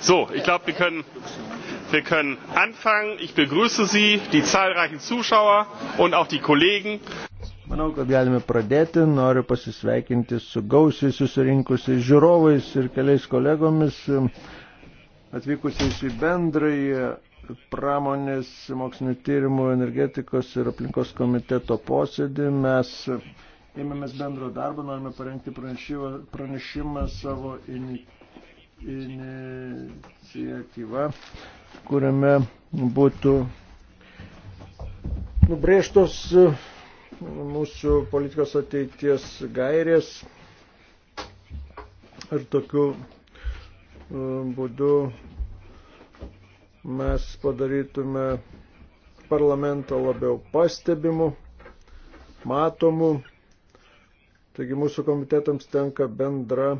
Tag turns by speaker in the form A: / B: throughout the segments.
A: So, ich glaube, wir können, wir können anfangen. Ich begrüße Sie, die zahlreichen Zuschauer und auch die Kollegen.
B: Manau, kad galime pradėti. Noriu pasisveikinti su gausiai susirinkusiais žiūrovais ir keliais kolegomis atvykusiais į bendrąjį pramonės mokslinio tyrimų energetikos ir aplinkos komiteto posėdį. Mes ėmėmės bendro darbo, norime parengti pranešimą, pranešimą savo iniciatyvą iniciatyva, kuriame būtų nubrėžtos e, mūsų politikos ateities gairės ir tokiu e, būdu mes padarytume parlamentą labiau pastebimu, matomu. Taigi mūsų komitetams tenka bendra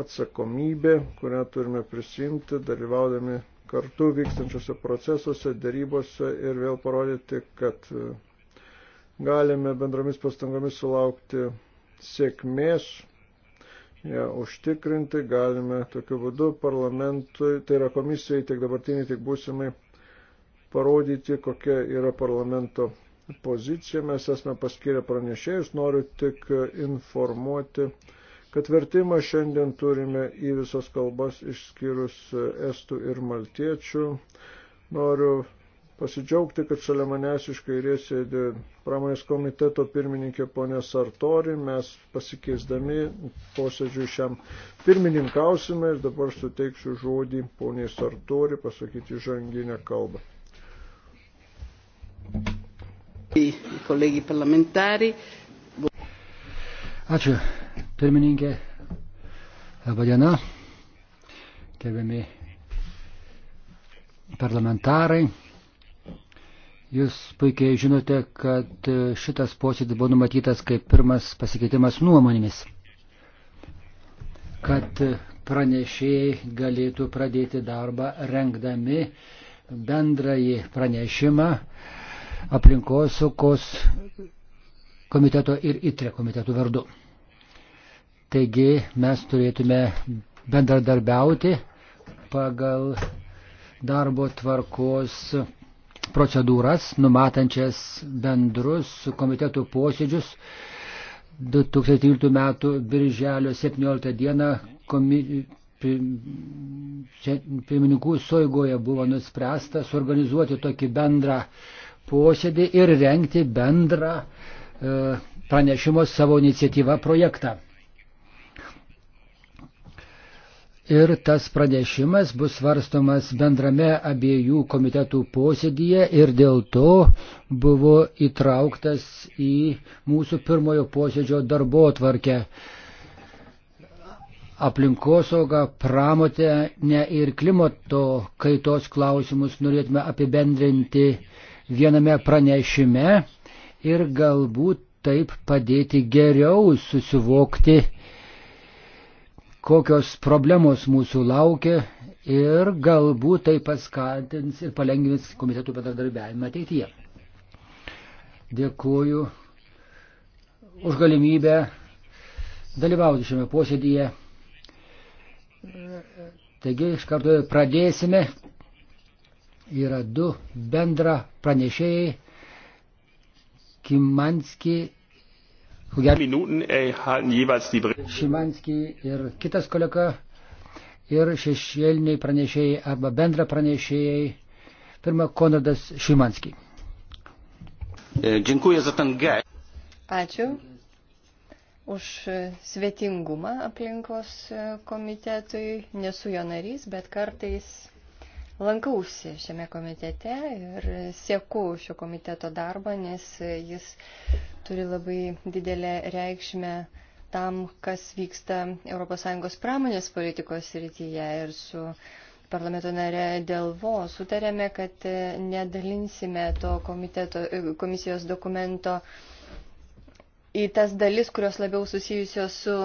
B: atsakomybė, kurią turime prisimti, dalyvaudami kartu vykstančiose procesuose, darybose ir vėl parodyti, kad e, galime bendromis pastangomis sulaukti sėkmės, ją užtikrinti, galime tokiu būdu parlamentui, tai yra komisijai tiek dabartiniai, tiek būsimai, parodyti, kokia yra parlamento pozicija. Mes esame paskyrę pranešėjus, noriu tik informuoti kad vertimą šiandien turime į visas kalbas išskyrus estų ir maltiečių. Noriu pasidžiaugti, kad šalia manęs iš kairės sėdi pramonės komiteto pirmininkė ponė Sartori. Mes pasikeisdami posėdžių šiam pirmininkausime ir dabar suteiksiu žodį poniai Sartori pasakyti žanginę kalbą.
A: I kolegi parlamentari.
C: Ačiū pirmininkė. Labadiena. Gerbiami parlamentarai. Jūs puikiai žinote, kad šitas posėdis buvo numatytas kaip pirmas pasikeitimas nuomonėmis, kad pranešėjai galėtų pradėti darbą rengdami bendrąjį pranešimą aplinkosaugos komiteto ir ITRE komitetų vardu. Taigi mes turėtume bendradarbiauti pagal darbo tvarkos procedūras, numatančias bendrus komitetų posėdžius. 2013 m. birželio 17 d. Komi... pirmininkų soigoje buvo nuspręsta suorganizuoti tokį bendrą posėdį ir renkti bendrą e, pranešimo savo iniciatyvą projektą. ir tas pranešimas bus svarstomas bendrame abiejų komitetų posėdyje ir dėl to buvo įtrauktas į mūsų pirmojo posėdžio darbo tvarkę. Aplinkosauga, pramotė ne ir klimato kaitos klausimus norėtume apibendrinti viename pranešime ir galbūt taip padėti geriau susivokti kokios problemos mūsų laukia ir galbūt tai paskatins ir palengvins komitetų bendradarbiavimą ateityje. Dėkuoju už galimybę dalyvauti šiame posėdyje. Taigi iš karto pradėsime. Yra du bendra pranešėjai Kimanski Äh, Šimanski ir kitas kolega ir šešėliniai pranešėjai arba bendra pranešėjai. Pirma, Konradas Šimanski.
A: E, dziękuję za ten gest. Ačiū už svetingumą aplinkos komitetui. Nesu jo narys, bet kartais lankausi šiame komitete ir sieku šio komiteto darbą, nes jis turi labai didelę reikšmę tam, kas vyksta ES pramonės politikos rytyje ir su parlamento nare Delvo sutarėme, kad nedalinsime to komiteto, komisijos dokumento į tas dalis, kurios labiau susijusios su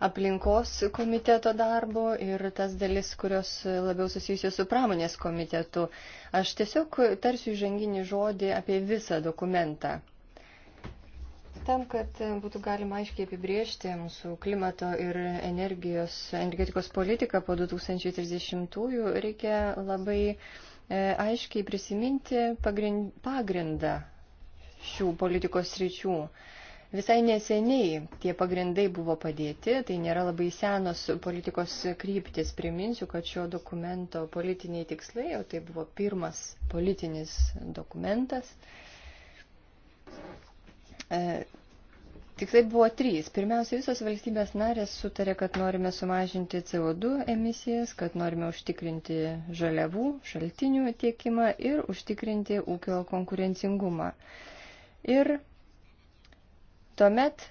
A: aplinkos komiteto darbo ir tas dalis, kurios labiau susijusios su pramonės komitetu. Aš tiesiog tarsiu įžanginį žodį apie visą dokumentą. Tam, kad būtų galima aiškiai apibriežti mūsų klimato ir energijos, energetikos politiką po 2030-ųjų, reikia labai e, aiškiai prisiminti pagrindą šių politikos ryčių. Visai neseniai tie pagrindai buvo padėti, tai nėra labai senos politikos kryptis. Priminsiu, kad šio dokumento politiniai tikslai, o tai buvo pirmas politinis dokumentas. E, tikslai buvo trys. Pirmiausia, visos valstybės narės sutarė, kad norime sumažinti CO2 emisijas, kad norime užtikrinti žaliavų šaltinių tiekimą ir užtikrinti ūkio konkurencingumą. Ir Tuomet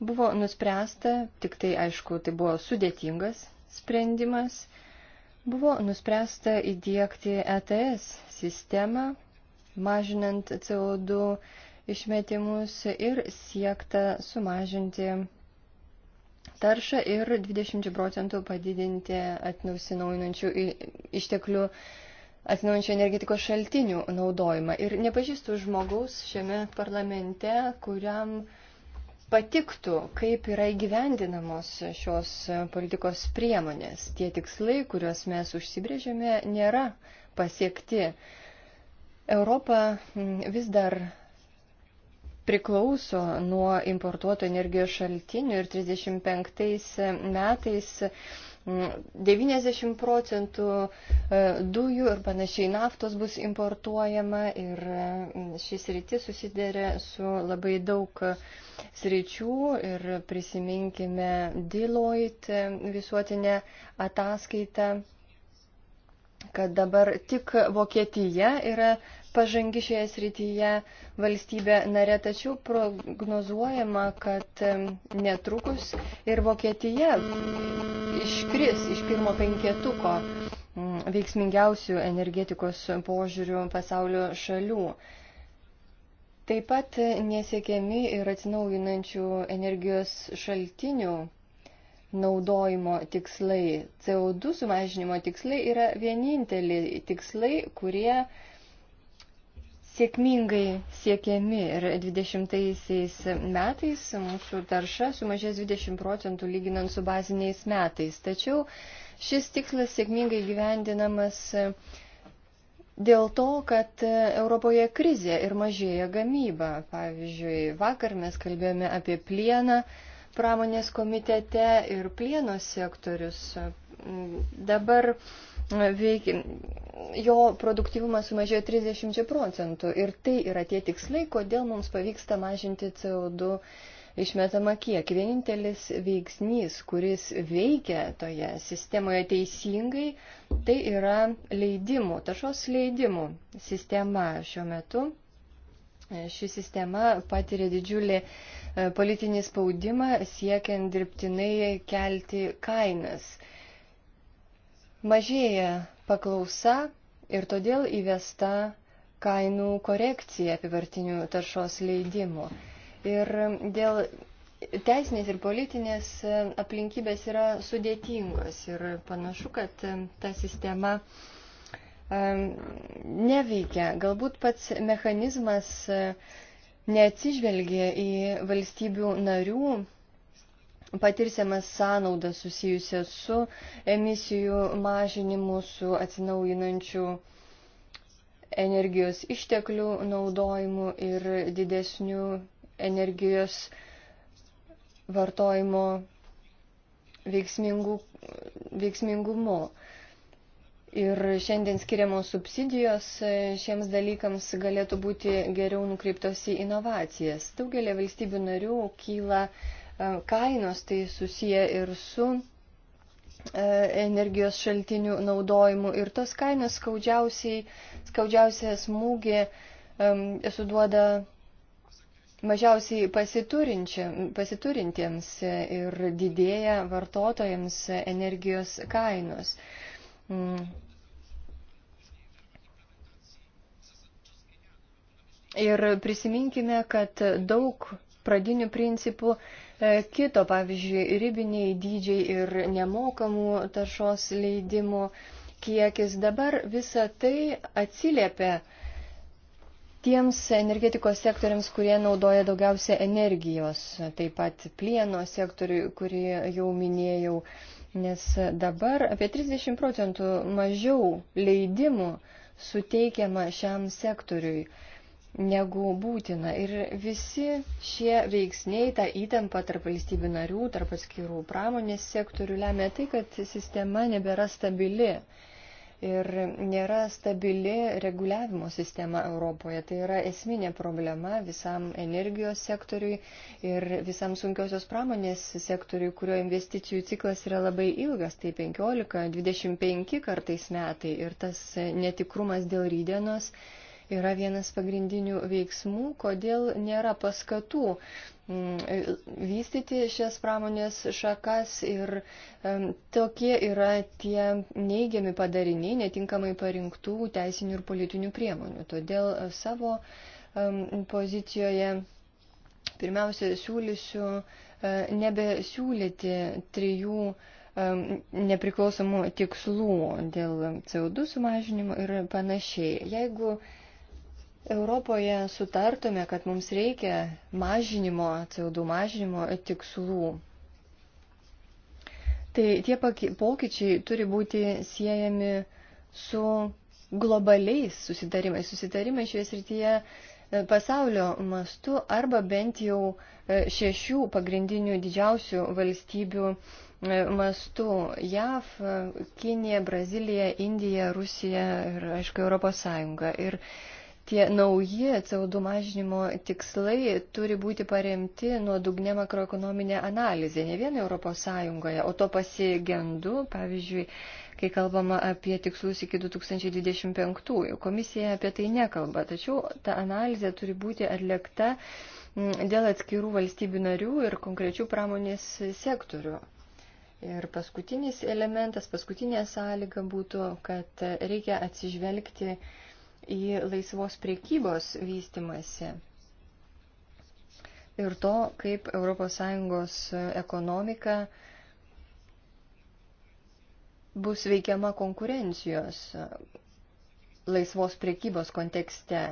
A: buvo nuspręsta, tik tai aišku, tai buvo sudėtingas sprendimas, buvo nuspręsta įdėkti ETS sistemą, mažinant CO2 išmetimus ir siekta sumažinti taršą ir 20 procentų padidinti atnausinaujinančių išteklių atsinaujančio energetikos šaltinių naudojimą. Ir nepažįstu žmogaus šiame parlamente, kuriam patiktų, kaip yra įgyvendinamos šios politikos priemonės. Tie tikslai, kuriuos mes užsibrėžėme, nėra pasiekti. Europa mm, vis dar priklauso nuo importuoto energijos šaltinių ir 35 metais 90 procentų e, dujų ir panašiai naftos bus importuojama ir e, šis rytis susidarė su labai daug sričių ir prisiminkime Deloitte visuotinę ataskaitą kad dabar tik Vokietija yra pažangi šioje srityje valstybė narė, tačiau prognozuojama, kad netrukus ir Vokietija iškris iš pirmo penketuko veiksmingiausių energetikos požiūrių pasaulio šalių. Taip pat nesiekiami ir atsinaujinančių energijos šaltinių naudojimo tikslai. CO2 sumažinimo tikslai yra vieninteliai tikslai, kurie uh, sėkmingai siekiami ir 20 metais mūsų tarša sumažės 20 procentų lyginant su baziniais metais. Tačiau šis tikslas sėkmingai gyvendinamas dėl to, kad Europoje krizė ir mažėja gamyba. Pavyzdžiui, vakar mes kalbėjome apie plieną pramonės komitete ir plieno sektorius. Dabar veikia, jo produktyvumas sumažėjo 30 procentų. Ir tai yra tie tikslai, kodėl mums pavyksta mažinti CO2 išmetama kiek. Vienintelis veiksnys, kuris veikia toje sistemoje teisingai, tai yra leidimų, taršos leidimų sistema šiuo metu. Ši sistema patiria didžiulį e, politinį spaudimą siekiant dirbtinai kelti kainas. Mažėja paklausa ir todėl įvesta kainų korekcija apivartinių taršos leidimų. Ir dėl teisinės ir politinės aplinkybės yra sudėtingos ir panašu, kad ta sistema neveikia. Galbūt pats mechanizmas neatsižvelgia į valstybių narių patirsime sąnaudą susijusią su emisijų mažinimu, su atsinaujinančių energijos išteklių naudojimu ir didesniu energijos vartojimo veiksmingų, veiksmingumu. Ir šiandien skiriamos subsidijos šiems dalykams galėtų būti geriau nukreiptos į inovacijas. Daugelė valstybių narių kyla uh, E, kainos, tai susiję ir su e, energijos šaltinių naudojimu. Ir tos kainos skaudžiausiai, skaudžiausią smūgį suduoda mažiausiai pasiturintiems ir didėja vartotojams energijos kainos. Mm. Ir prisiminkime, kad daug pradinių principų E, kito, pavyzdžiui, ribiniai dydžiai ir nemokamų taršos leidimų kiekis. Dabar visa tai atsiliepia tiems energetikos sektoriams, kurie naudoja daugiausia energijos, taip pat plieno sektoriui, kurį jau minėjau, nes dabar apie 30 procentų mažiau leidimų suteikiama šiam sektoriui negu būtina. Ir visi šie veiksniai, ta įtampa tarp valstybių narių, tarp atskirų pramonės sektorių lemia tai, kad sistema nebėra stabili. Ir nėra stabili reguliavimo sistema Europoje. Tai yra esminė problema visam energijos sektoriui ir visam sunkiosios pramonės sektoriui, kurio investicijų ciklas yra labai ilgas, tai 15-25 kartais metai. Ir tas netikrumas dėl rydienos yra vienas pagrindinių veiksmų, kodėl nėra paskatų mm, vystyti šias pramonės šakas ir tokie yra tie neigiami padariniai netinkamai parinktų teisinių ir politinių priemonių. Todėl e, savo pozicijoje pirmiausia siūlysiu e, nebesiūlyti trijų nepriklausomų tikslų dėl CO2 sumažinimo ir panašiai. Jeigu Europoje sutartume, kad mums reikia mažinimo, CO2 mažinimo tikslų. Tai tie pokyčiai turi būti siejami su globaliais susitarimais, susitarimai šioje srityje e, pasaulio mastu arba bent jau e, šešių pagrindinių didžiausių valstybių e, mastu - JAV, Kinija, Brazilija, Indija, Rusija ir, aišku, Europos Sąjunga. Ir Tie nauji CO2 mažinimo tikslai turi būti paremti nuodugnė makroekonominė analizė, ne vien ES, o to pasigendu, pavyzdžiui, kai kalbama apie tikslus iki 2025. Komisija apie tai nekalba, tačiau ta analizė turi būti atlikta dėl atskirų valstybių narių ir konkrečių pramonės sektorių. Ir paskutinis elementas, paskutinė sąlyga būtų, kad reikia atsižvelgti į laisvos priekybos vystimasi ir to, kaip ES ekonomika bus veikiama konkurencijos laisvos priekybos kontekste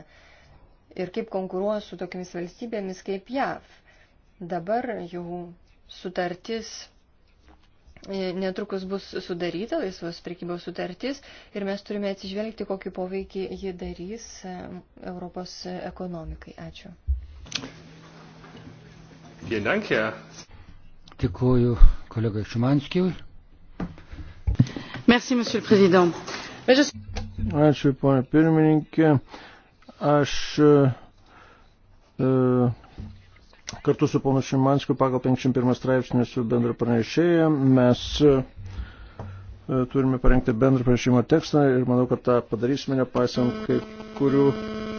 A: ir kaip konkuruos su tokiamis valstybėmis kaip JAV. Dabar jau sutartis E, netrukus bus sudaryta laisvos prekybos sutartis ir mes turime atsižvelgti, kokį poveikį ji darys e, Europos ekonomikai. Ačiū.
C: Dėkuoju kolegai Šimanskijui. Merci, monsieur le président. Ačiū, ponia pirmininkė. Aš
B: uh, kartu su ponu Šimanskiu pagal 51 straipsnį su bendra pranešėja mes e, turime parengti bendrą pranešimo tekstą ir manau, kad tą padarysime nepaisant kai kurių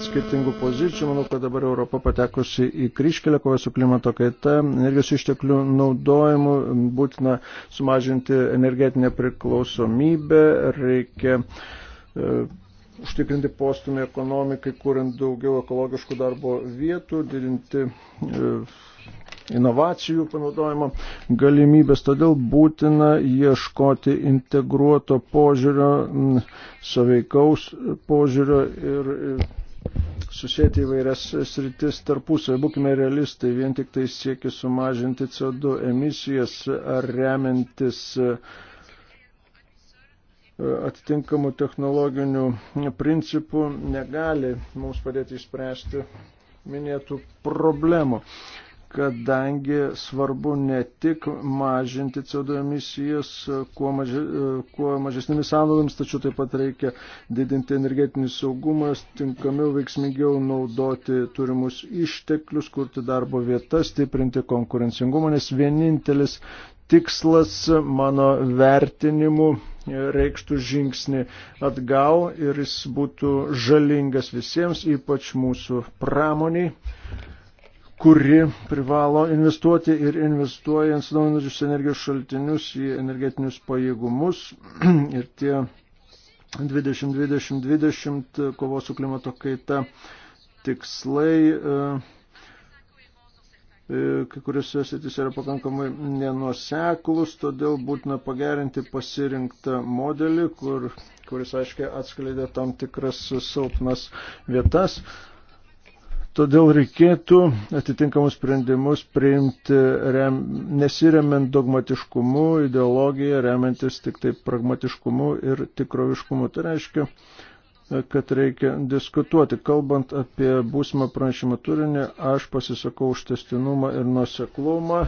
B: skirtingų pozicijų. Manau, kad dabar Europa patekusi į kryškelę kovą su klimato kaita, energijos išteklių naudojimu, būtina sumažinti energetinę priklausomybę, reikia e, užtikrinti postumį ekonomikai, kuriant daugiau ekologiškų darbo vietų, didinti e, inovacijų panaudojimo galimybės. Todėl būtina ieškoti integruoto požiūrio, saveikaus požiūrio ir e, susėti įvairias sritis tarpusavį. Būkime realistai, vien tik tai siekis sumažinti CO2 emisijas ar remiantis uh, atitinkamų technologinių principų negali mums padėti išspręsti minėtų problemų, kadangi svarbu ne tik mažinti CO2 emisijas kuo, maži, kuo mažesnėmis sąnaudomis, tačiau taip pat reikia didinti energetinį saugumą, tinkamiau veiksmingiau naudoti turimus išteklius, kurti darbo vietas, stiprinti konkurencingumą, nes vienintelis tikslas mano vertinimu reikštų žingsnį atgal ir jis būtų žalingas visiems, ypač mūsų pramoniai kuri privalo investuoti ir investuoja į atsinaujinančius energijos šaltinius, į energetinius pajėgumus ir tie 2020-2020 kovos su klimato kaita tikslai e, E, kai kuriuose sritise yra pakankamai nenuseklus, todėl būtina pagerinti pasirinktą modelį, kur, kuris aiškiai atskleidė tam tikras silpnas vietas. Todėl reikėtų atitinkamus sprendimus priimti rem, nesiremiant dogmatiškumu, ideologiją, remiantis tik tai pragmatiškumu ir tikroviškumu. Tai reiškia, kad reikia diskutuoti. Kalbant apie būsimą pranešimą turinį, aš pasisakau už testinumą ir nuoseklumą.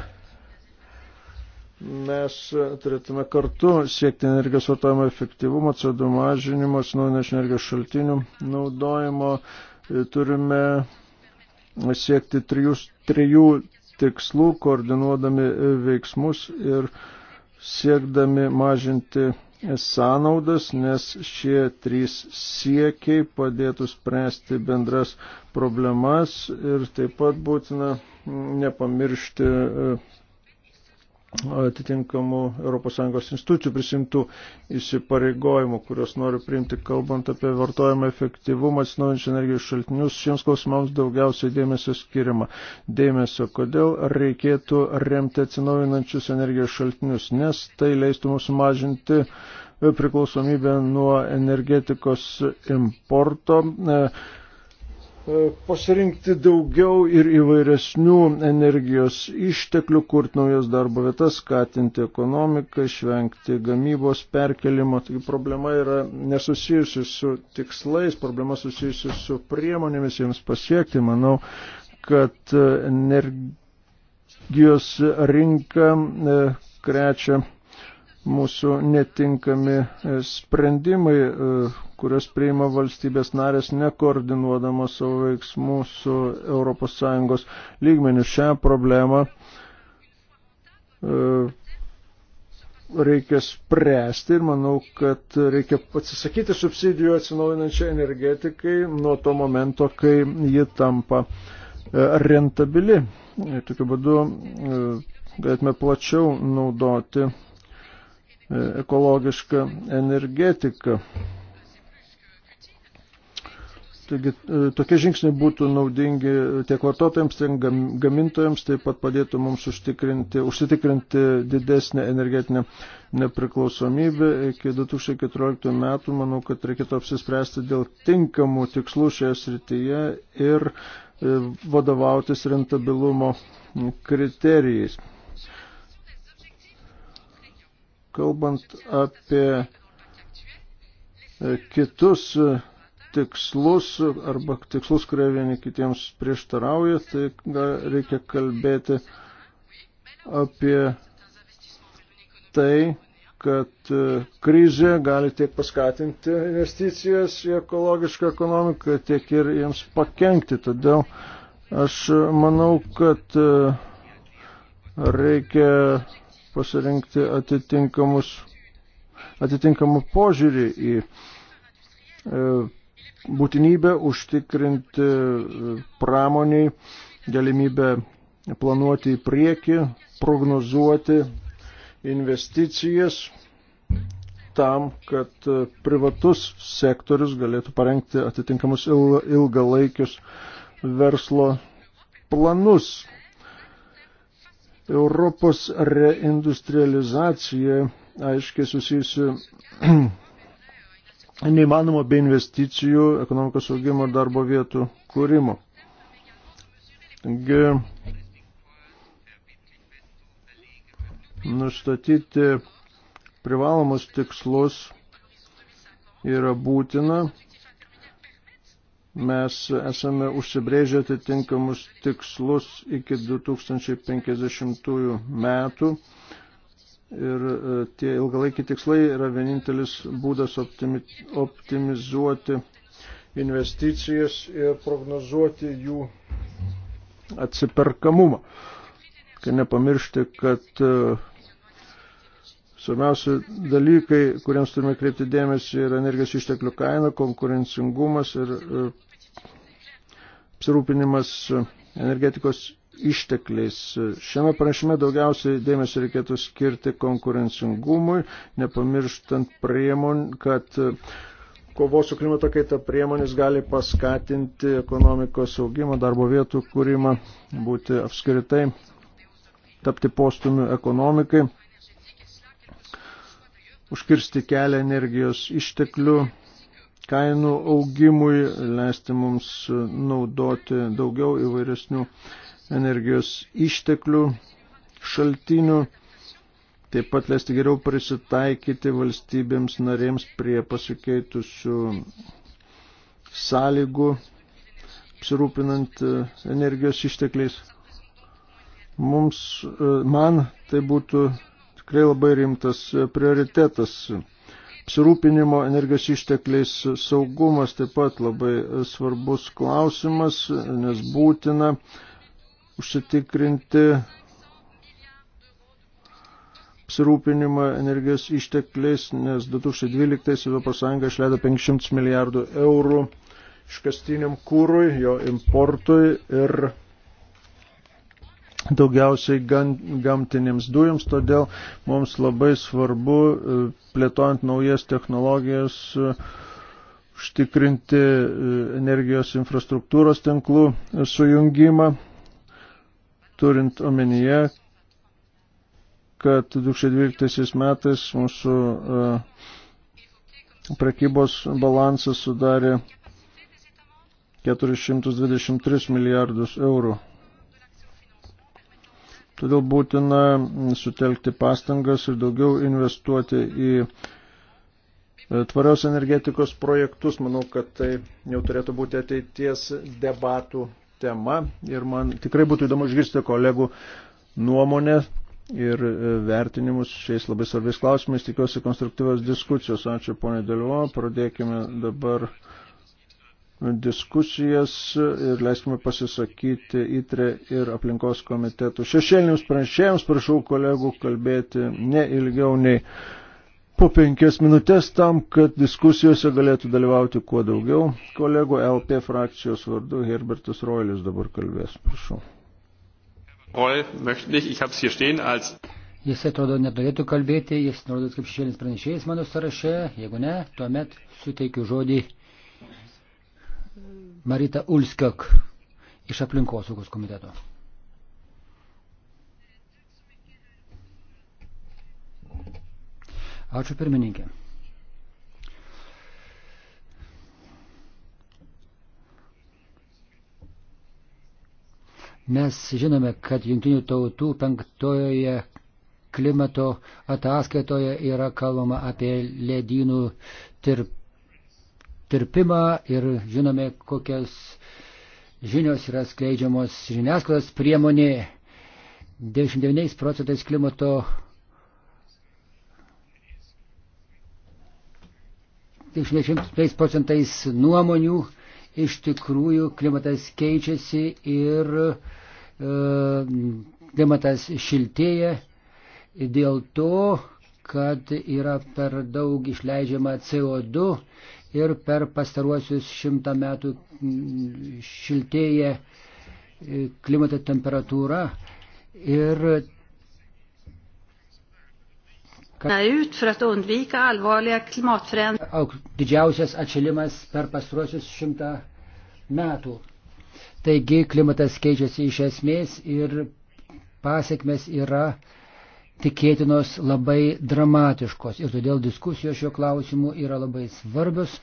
B: Mes turėtume kartu siekti energijos vartojimo efektyvumo, CO2 mažinimo, atsinaujinančių energijos šaltinių naudojimo. Turime siekti trijų, trijų tikslų, koordinuodami veiksmus ir siekdami mažinti sąnaudas, nes šie trys siekiai padėtų spręsti bendras problemas ir taip pat būtina nepamiršti atitinkamų ES institucijų prisimtų įsipareigojimų, kuriuos noriu priimti, kalbant apie vartojimą efektyvumą atsinaujančių energijos šaltinius. Šiems klausimams daugiausiai dėmesio skiriama. Dėmesio, kodėl reikėtų remti atsinaujinančius energijos šaltinius, nes tai leistų mums sumažinti priklausomybę nuo energetikos importo. E, E, pasirinkti daugiau ir įvairesnių energijos išteklių, kurti naujas darbo vietas, skatinti ekonomiką, išvengti gamybos perkelimo. Taigi problema yra nesusijusi su tikslais, problema susijusi su priemonėmis jiems pasiekti. Manau, kad energijos rinka e, krečia mūsų netinkami e, sprendimai, e, kurios priima valstybės narės nekoordinuodamos savo veiksmų su ES lygmeniu. Šią problemą e, reikia spręsti ir manau, kad reikia atsisakyti subsidijų atsinaujinančiai energetikai nuo to momento, kai ji tampa rentabili. Tokiu būdu galėtume plačiau naudoti ekologišką energetiką. Taigi e, tokie žingsniai būtų naudingi tiek vartotojams, tiek gamintojams, taip pat padėtų mums užtikrinti, užsitikrinti didesnę energetinę nepriklausomybę. Iki 2014 metų manau, kad reikėtų apsispręsti dėl tinkamų tikslų šioje srityje ir e, vadovautis rentabilumo kriterijais. Kalbant apie e, kitus e, tikslus arba tikslus, kurie vieni kitiems prieštarauja, tai reikia kalbėti apie tai, kad e, krizė gali tiek paskatinti investicijas į ekologišką ekonomiką, tiek ir jiems pakengti. Todėl aš manau, kad reikia pasirinkti atitinkamus, atitinkamų požiūrį į e, būtinybę užtikrinti e, pramoniai galimybę planuoti į priekį, prognozuoti investicijas tam, kad e, privatus sektorius galėtų parengti atitinkamus ilgalaikius verslo planus. Europos reindustrializacija aiškiai susijusi neįmanoma be investicijų, ekonomikos augimo ir darbo vietų kūrimo. Taigi, nustatyti privalomus tikslus yra būtina, mes esame užsibrėžę atitinkamus tikslus iki 2050 metų. Ir e, tie ilgalaikiai tikslai yra vienintelis būdas optimizuoti investicijas ir prognozuoti jų atsiperkamumą. Kai nepamiršti, kad e, Svarbiausia dalykai, kuriems turime kreipti dėmesį, yra energijos išteklių kaina, konkurencingumas ir e, apsirūpinimas e, energetikos ištekliais. Šiame pranešime daugiausiai dėmesio reikėtų skirti konkurencingumui, nepamirštant priemon, kad e, kovos su klimato kaita priemonės gali paskatinti ekonomikos augimą, darbo vietų kūrimą, būti apskritai, tapti postumiu ekonomikai užkirsti kelią energijos išteklių kainų augimui, leisti mums naudoti daugiau įvairesnių energijos išteklių šaltinių, taip pat leisti geriau prisitaikyti valstybėms narėms prie pasikeitusių sąlygų, apsirūpinant e, energijos ištekliais. Mums, e, man tai būtų tikrai labai rimtas prioritetas. Apsirūpinimo energijos ištekliais saugumas taip pat labai svarbus klausimas, nes būtina užsitikrinti apsirūpinimą energijos ištekliais, nes 2012 ES išleido 500 milijardų eurų iškastiniam kūrui, jo importui ir daugiausiai gamtinėms dujoms, todėl mums labai svarbu, e, plėtojant naujas technologijas, e, užtikrinti e, energijos infrastruktūros tinklų sujungimą, turint omenyje, kad 2012 metais mūsų prekybos balansas sudarė 423 milijardus eurų. Todėl būtina sutelkti pastangas ir daugiau investuoti į e, tvarios energetikos projektus. Manau, kad tai jau turėtų būti ateities debatų tema ir man tikrai būtų įdomu išgirsti kolegų nuomonę ir e, vertinimus šiais labai svarbiais klausimais. Tikiuosi konstruktyvios diskusijos. Ačiū, ponė Dėliuo. Pradėkime dabar diskusijas ir leiskime pasisakyti įtre ir aplinkos komitetų. Šešėliniams pranešėjams prašau kolegų kalbėti ne ilgiau nei po penkias minutės tam, kad diskusijose galėtų dalyvauti kuo daugiau. Kolegų LP frakcijos vardu Herbertas Roilis dabar kalbės, prašau.
A: Roil, möchte nicht, ich hab's hier stehen
C: als. Jis atrodo neturėtų kalbėti, jis nurodytas kaip šešėlis pranešėjas mano sąraše, jeigu ne, tuomet suteikiu žodį Marita Ulskiok iš aplinkosaugos komiteto. Ačiū pirmininkė. Mes žinome, kad jungtinių tautų penktojoje klimato ataskaitoje yra kalbama apie ledynų tirp tirpimą ir žinome, kokias žinios yra skleidžiamos žiniasklaidos priemonė 99 procentais klimato. 95 procentais nuomonių iš tikrųjų klimatas keičiasi ir e, klimatas šiltėja dėl to, kad yra per daug išleidžiama CO2 ir per pastaruosius šimtą metų šiltėja e, klimato temperatūra ir didžiausias atšilimas per pastaruosius šimtą metų. Taigi klimatas keičiasi iš esmės ir pasiekmes yra uh, tikėtinos labai dramatiškos ir todėl diskusijos šiuo klausimu yra labai svarbios.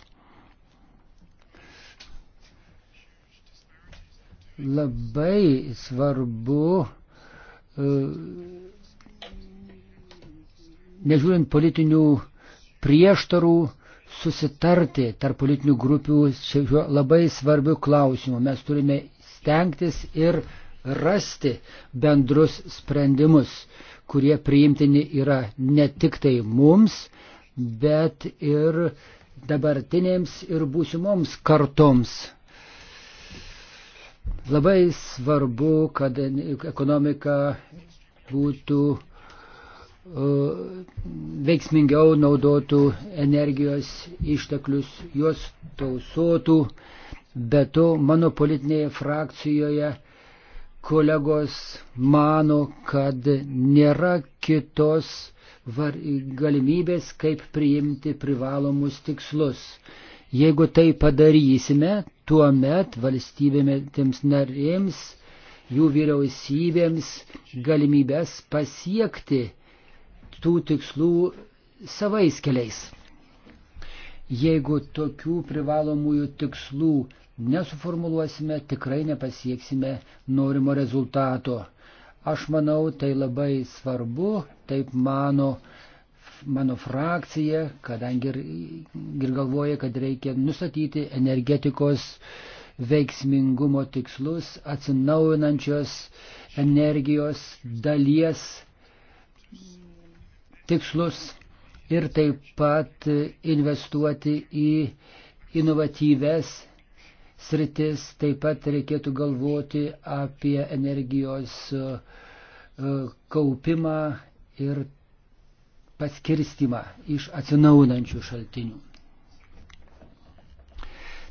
C: Labai svarbu, e, nežiūrint politinių prieštarų, susitarti tarp politinių grupių šiuo labai svarbiu klausimu. Mes turime stengtis ir rasti bendrus sprendimus kurie priimtini yra ne tik tai mums, bet ir dabartinėms ir būsimoms kartoms. Labai svarbu, kad ekonomika būtų e, veiksmingiau naudotų energijos išteklius, juos tausotų. Be to, mano politinėje frakcijoje kolegos mano, kad nėra kitos var, galimybės, kaip priimti privalomus tikslus. Jeigu tai padarysime, tuomet valstybėms narėms, jų vyriausybėms galimybės pasiekti tų tikslų savais keliais. Jeigu tokių privalomųjų tikslų nesuformuluosime, tikrai nepasieksime norimo rezultato. Aš manau, tai labai svarbu, taip mano, mano frakcija, kadangi ir, ir galvoja, kad reikia nustatyti energetikos veiksmingumo tikslus, atsinaujinančios energijos dalies tikslus ir taip pat investuoti į inovatyves sritis, taip pat reikėtų galvoti apie energijos e, e, kaupimą ir paskirstimą iš atsinaunančių šaltinių.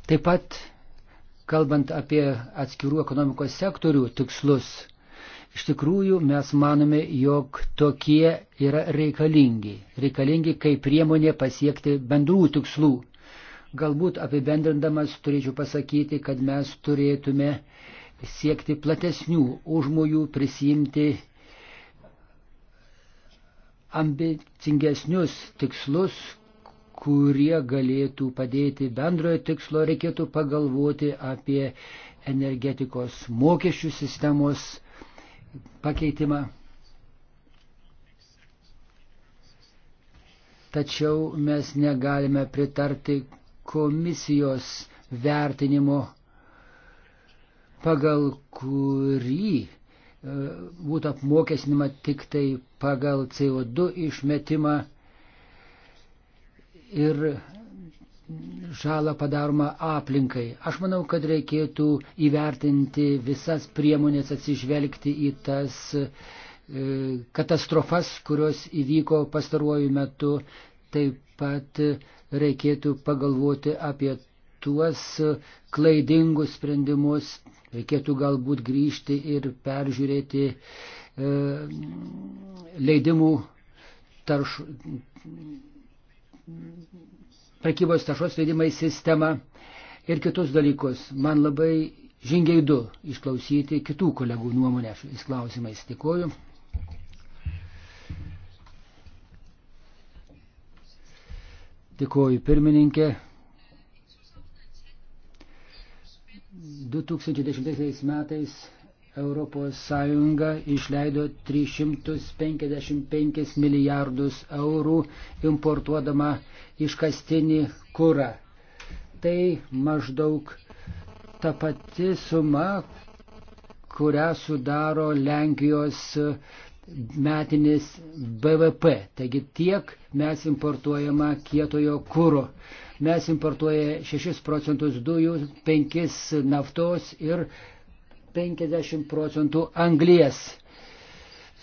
C: Taip pat, kalbant apie atskirų ekonomikos sektorių tikslus, Iš tikrųjų, mes manome, jog tokie yra reikalingi. Reikalingi kaip priemonė pasiekti bendrų tikslų. Galbūt apibendrindamas turėčiau pasakyti, kad mes turėtume siekti platesnių užmojų, prisijimti ambicingesnius tikslus, kurie galėtų padėti bendrojo tikslo, reikėtų pagalvoti apie energetikos mokesčių sistemos pakeitimą. Tačiau mes negalime pritarti komisijos vertinimo, pagal kurį e, būtų apmokestinama tik tai pagal CO2 išmetimą ir žalą padaroma aplinkai. Aš manau, kad reikėtų įvertinti visas priemonės atsižvelgti į tas e, katastrofas, kurios įvyko pastaruoju metu, taip pat reikėtų pagalvoti apie tuos klaidingus sprendimus, reikėtų galbūt grįžti ir peržiūrėti e, leidimų tarš, prekybos taršos leidimai sistemą ir kitus dalykus. Man labai žingiai du išklausyti kitų kolegų nuomonę šiais klausimais. Dėkuoju. Dėkuoju pirmininkė. 2010 metais Europos Sąjunga išleido 355 milijardus eurų importuodama iškastinį kurą. Tai maždaug ta pati suma, kurią sudaro Lenkijos uh, metinis BVP. Taigi tiek mes importuojama kietojo kūro. Mes importuoja 6 procentus dujų, 5 naftos ir 50 procentų anglies.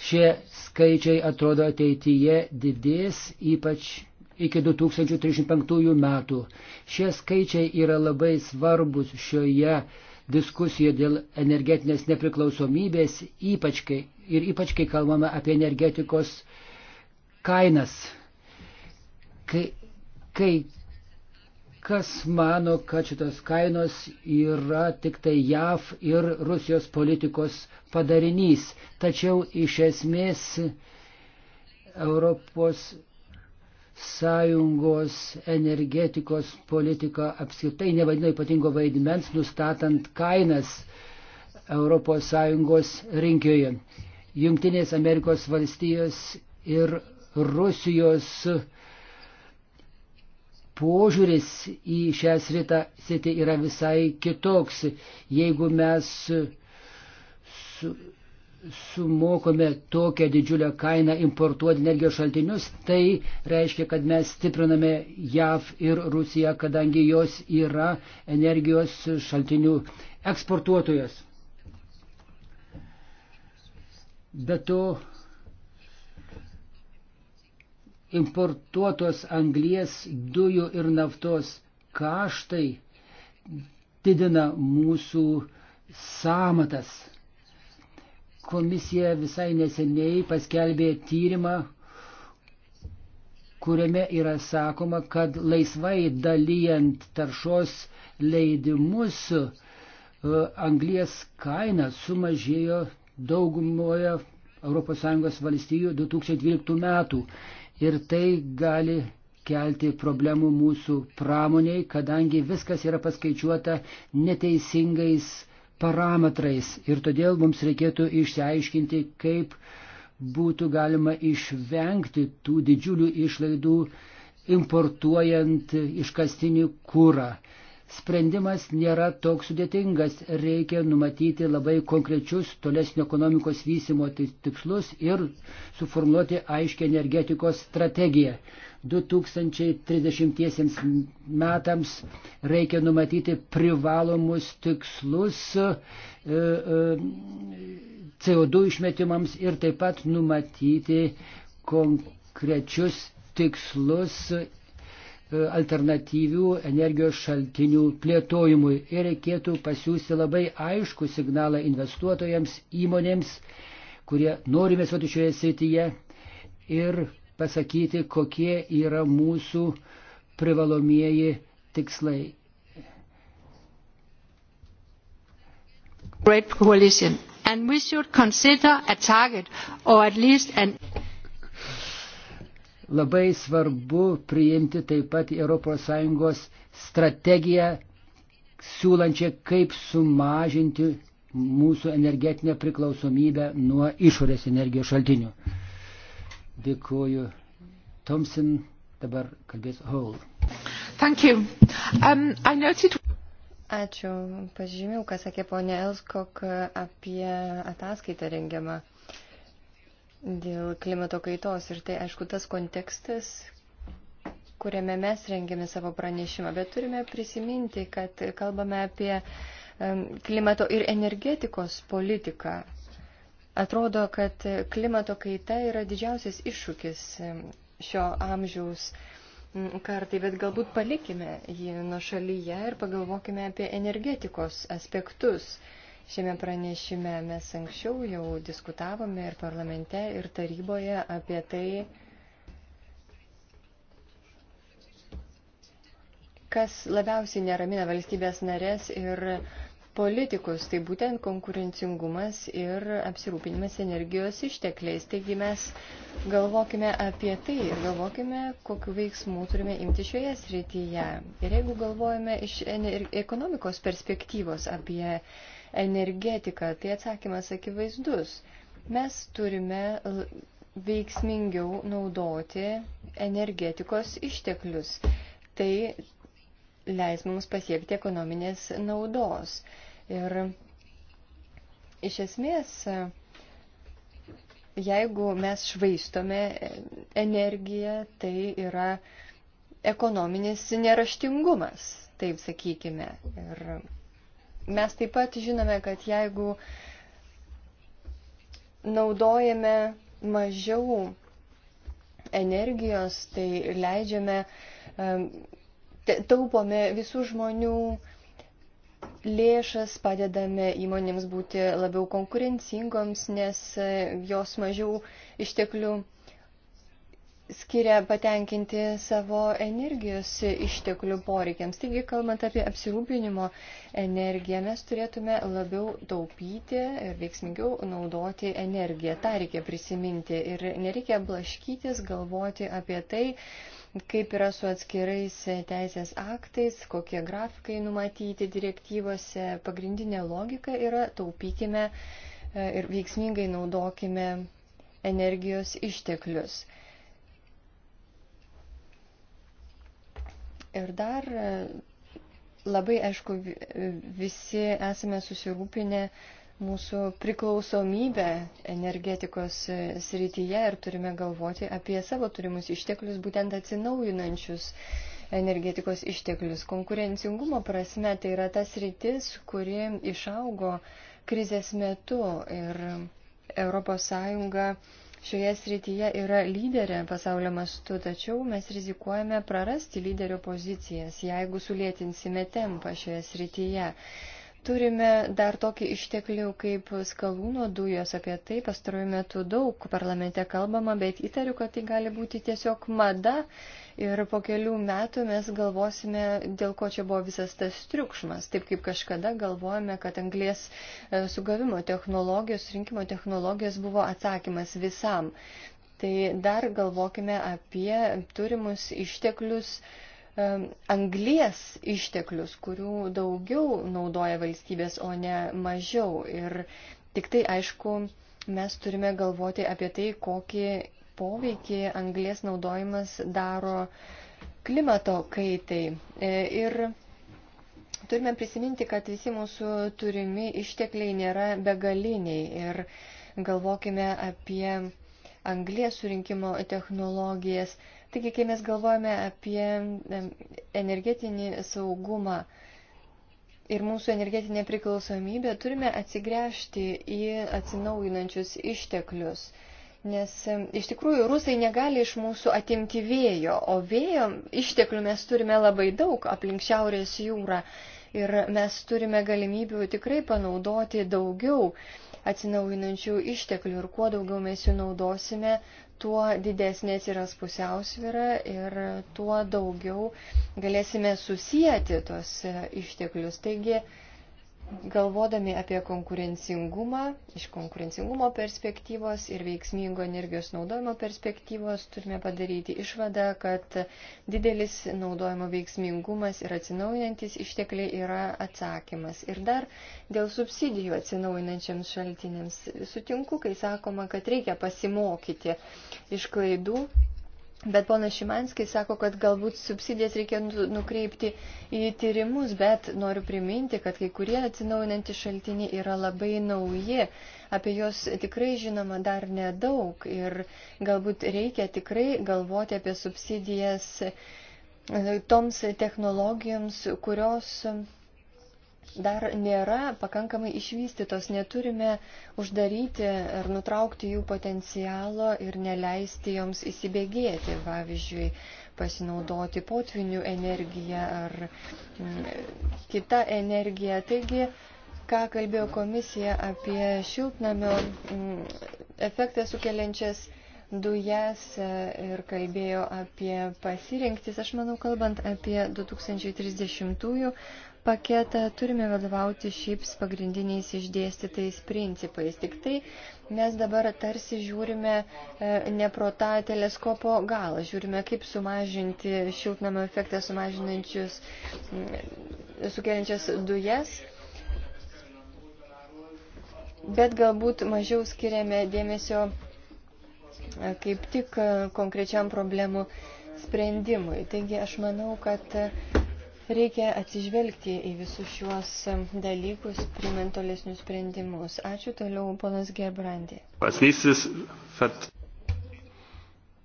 C: Šie skaičiai atrodo ateityje didės, ypač iki 2035 metų. Šie skaičiai yra labai svarbus šioje diskusija dėl energetinės nepriklausomybės, ypač kai, ir ypač kai kalbame apie energetikos kainas. Kai, kai kas mano, kad šitos kainos yra tik tai JAV ir Rusijos politikos padarinys, tačiau iš esmės Europos sąjungos energetikos politika apskritai nevadino ypatingo vaidmens, nustatant kainas ES rinkoje. Junktinės Amerikos valstijos ir Rusijos požiūris į šią sritą, sritį yra visai kitoks. Jeigu mes su, sumokome tokią didžiulę kainą importuoti energijos šaltinius, tai reiškia, kad mes stipriname JAV ir Rusiją, kadangi jos yra energijos šaltinių eksportuotojas. Be to, importuotos anglies, dujų ir naftos kaštai didina mūsų samatas Komisija visai neseniai paskelbė tyrimą, kuriame yra sakoma, kad laisvai dalyjant taršos leidimus e, anglies kaina sumažėjo daugumoje ES valstybių 2012 metų. Ir tai gali kelti problemų mūsų pramoniai, kadangi viskas yra paskaičiuota neteisingais parametrais ir todėl mums reikėtų išsiaiškinti, kaip būtų galima išvengti tų didžiulių išlaidų importuojant iškastinį kūrą. Sprendimas nėra toks sudėtingas, reikia numatyti labai konkrečius tolesnio ekonomikos vysimo tikslus ir suformuoti aiškę energetikos strategiją. 2030 metams reikia numatyti privalomus tikslus e, e, CO2 išmetimams ir taip pat numatyti konkrečius tikslus e, alternatyvių energijos šaltinių plėtojimui. Ir reikėtų pasiūsti labai aišku signalą investuotojams, įmonėms, kurie nori investuoti šioje srityje ir pasakyti, kokie yra mūsų privalomieji tikslai. Great coalition.
A: And we should consider a target or at least an
C: labai svarbu priimti taip pat ES strategiją, siūlančią, kaip sumažinti mūsų energetinę priklausomybę nuo išorės energijos šaltinių. Dėkuoju Thompson, dabar kalbės Hall.
B: Thank
A: you. Um, I noted... Ačiū. Pažymėjau, ką sakė ponė Elskok apie ataskaitą rengiamą dėl klimato kaitos. Ir tai, aišku, tas kontekstas, kuriame mes rengiame savo pranešimą. Bet turime prisiminti, kad kalbame apie um, klimato ir energetikos politiką Atrodo, kad klimato kaita yra didžiausias iššūkis šio amžiaus mm, kartai, bet galbūt palikime jį nuo šalyje ir pagalvokime apie energetikos aspektus. Šiame pranešime mes anksčiau jau diskutavome ir parlamente, ir taryboje apie tai, kas labiausiai neramina valstybės narės ir uh, politikus, tai būtent konkurencingumas ir apsirūpinimas energijos ištekliais. Taigi mes galvokime apie tai ir galvokime, kokiu veiksmu turime imti šioje srityje. Ir jeigu galvojame iš ekonomikos perspektyvos apie energetiką, tai atsakymas akivaizdus. Mes turime veiksmingiau naudoti energetikos išteklius. Tai leis mums pasiekti ekonominės naudos. Ir iš esmės, jeigu mes švaistome energiją, tai yra ekonominis neraštingumas, taip sakykime. Ir mes taip pat žinome, kad jeigu naudojame mažiau energijos, tai leidžiame taupome visų žmonių lėšas, padedame įmonėms būti labiau konkurencingoms, nes e, jos mažiau išteklių skiria patenkinti savo energijos išteklių poreikiams. Taigi, kalbant apie apsirūpinimo energiją, mes turėtume labiau taupyti ir veiksmingiau naudoti energiją. Ta reikia prisiminti ir nereikia blaškytis, galvoti apie tai, kaip yra su atskirais teisės aktais, kokie grafikai numatyti direktyvose. Pagrindinė logika yra taupykime e, ir veiksmingai naudokime energijos išteklius. Ir dar e, labai aišku, e, visi esame susirūpinę mūsų priklausomybę energetikos e, srityje ir turime galvoti apie savo turimus išteklius, būtent atsinaujinančius energetikos išteklius. Konkurencingumo prasme tai yra tas rytis, kuri išaugo krizės metu ir ES šioje srityje yra lyderė pasaulio mastu, tačiau mes rizikuojame prarasti lyderio pozicijas, jeigu sulėtinsime tempą šioje srityje. Turime dar tokį išteklių kaip skalūno dujos, apie tai pastaruoju metu daug parlamente kalbama, bet įtariu, kad tai gali būti tiesiog mada ir po kelių metų mes galvosime, dėl ko čia buvo visas tas triukšmas, taip kaip kažkada galvojame, kad anglės e, sugavimo technologijos, rinkimo technologijos buvo atsakymas visam. Tai dar galvokime apie turimus išteklius Um, anglies išteklius, kurių daugiau naudoja valstybės, o ne mažiau. Ir tik tai, aišku, mes turime galvoti apie tai, kokį poveikį anglies naudojimas daro klimato kaitai. E, ir turime prisiminti, kad visi mūsų turimi ištekliai nėra begaliniai. Ir galvokime apie anglės surinkimo technologijas, Taigi, kai mes galvojame apie energetinį saugumą ir mūsų energetinę priklausomybę, turime atsigręžti į atsinaujinančius išteklius. Nes iš tikrųjų rusai negali iš mūsų atimti vėjo, o vėjo išteklių mes turime labai daug aplink Šiaurės jūrą ir mes turime galimybių tikrai panaudoti daugiau atsinaujinančių išteklių ir kuo daugiau mes jų naudosime, tuo didesnė atsiras pusiausvyra ir tuo daugiau galėsime susijęti tos išteklius. Taigi galvodami apie konkurencingumą, iš konkurencingumo perspektyvos ir veiksmingo energijos naudojimo perspektyvos turime padaryti išvadą, kad didelis naudojimo veiksmingumas ir atsinaujantis ištekliai yra atsakymas. Ir dar dėl subsidijų atsinaujinančiams šaltiniams sutinku, kai sakoma, kad reikia pasimokyti iš klaidų Bet ponas Šimanskis sako, kad galbūt subsidijas reikia nu, nukreipti į tyrimus, bet noriu priminti, kad kai kurie atsinaujinantys šaltiniai yra labai nauji, apie juos tikrai žinoma dar nedaug ir galbūt reikia tikrai galvoti apie subsidijas toms technologijoms, kurios dar nėra pakankamai išvystytos, neturime uždaryti ar nutraukti jų potencialo ir neleisti joms įsibėgėti, pavyzdžiui, pasinaudoti potvinių energiją ar mm, kitą energiją. Taigi, ką kalbėjo komisija apie šiltnamio mm, efektą sukeliančias dujas e, ir kalbėjo apie pasirinktis. Aš manau, kalbant apie 2030 paketą, turime vadovauti šiaip pagrindiniais išdėstytais principais. Tik tai mes dabar tarsi žiūrime e, ne pro tą teleskopo galą, žiūrime, kaip sumažinti šiltnamio efektą sumažinančius, sukeliančias dujas bet galbūt mažiau skiriame dėmesio E, kaip tik e, konkrečiam problemų sprendimui. Taigi aš manau, kad e, reikia atsižvelgti į visus šiuos dalykus, primant tolesnius sprendimus. Ačiū toliau, ponas Gerbrandė. Pasnysis,
B: kad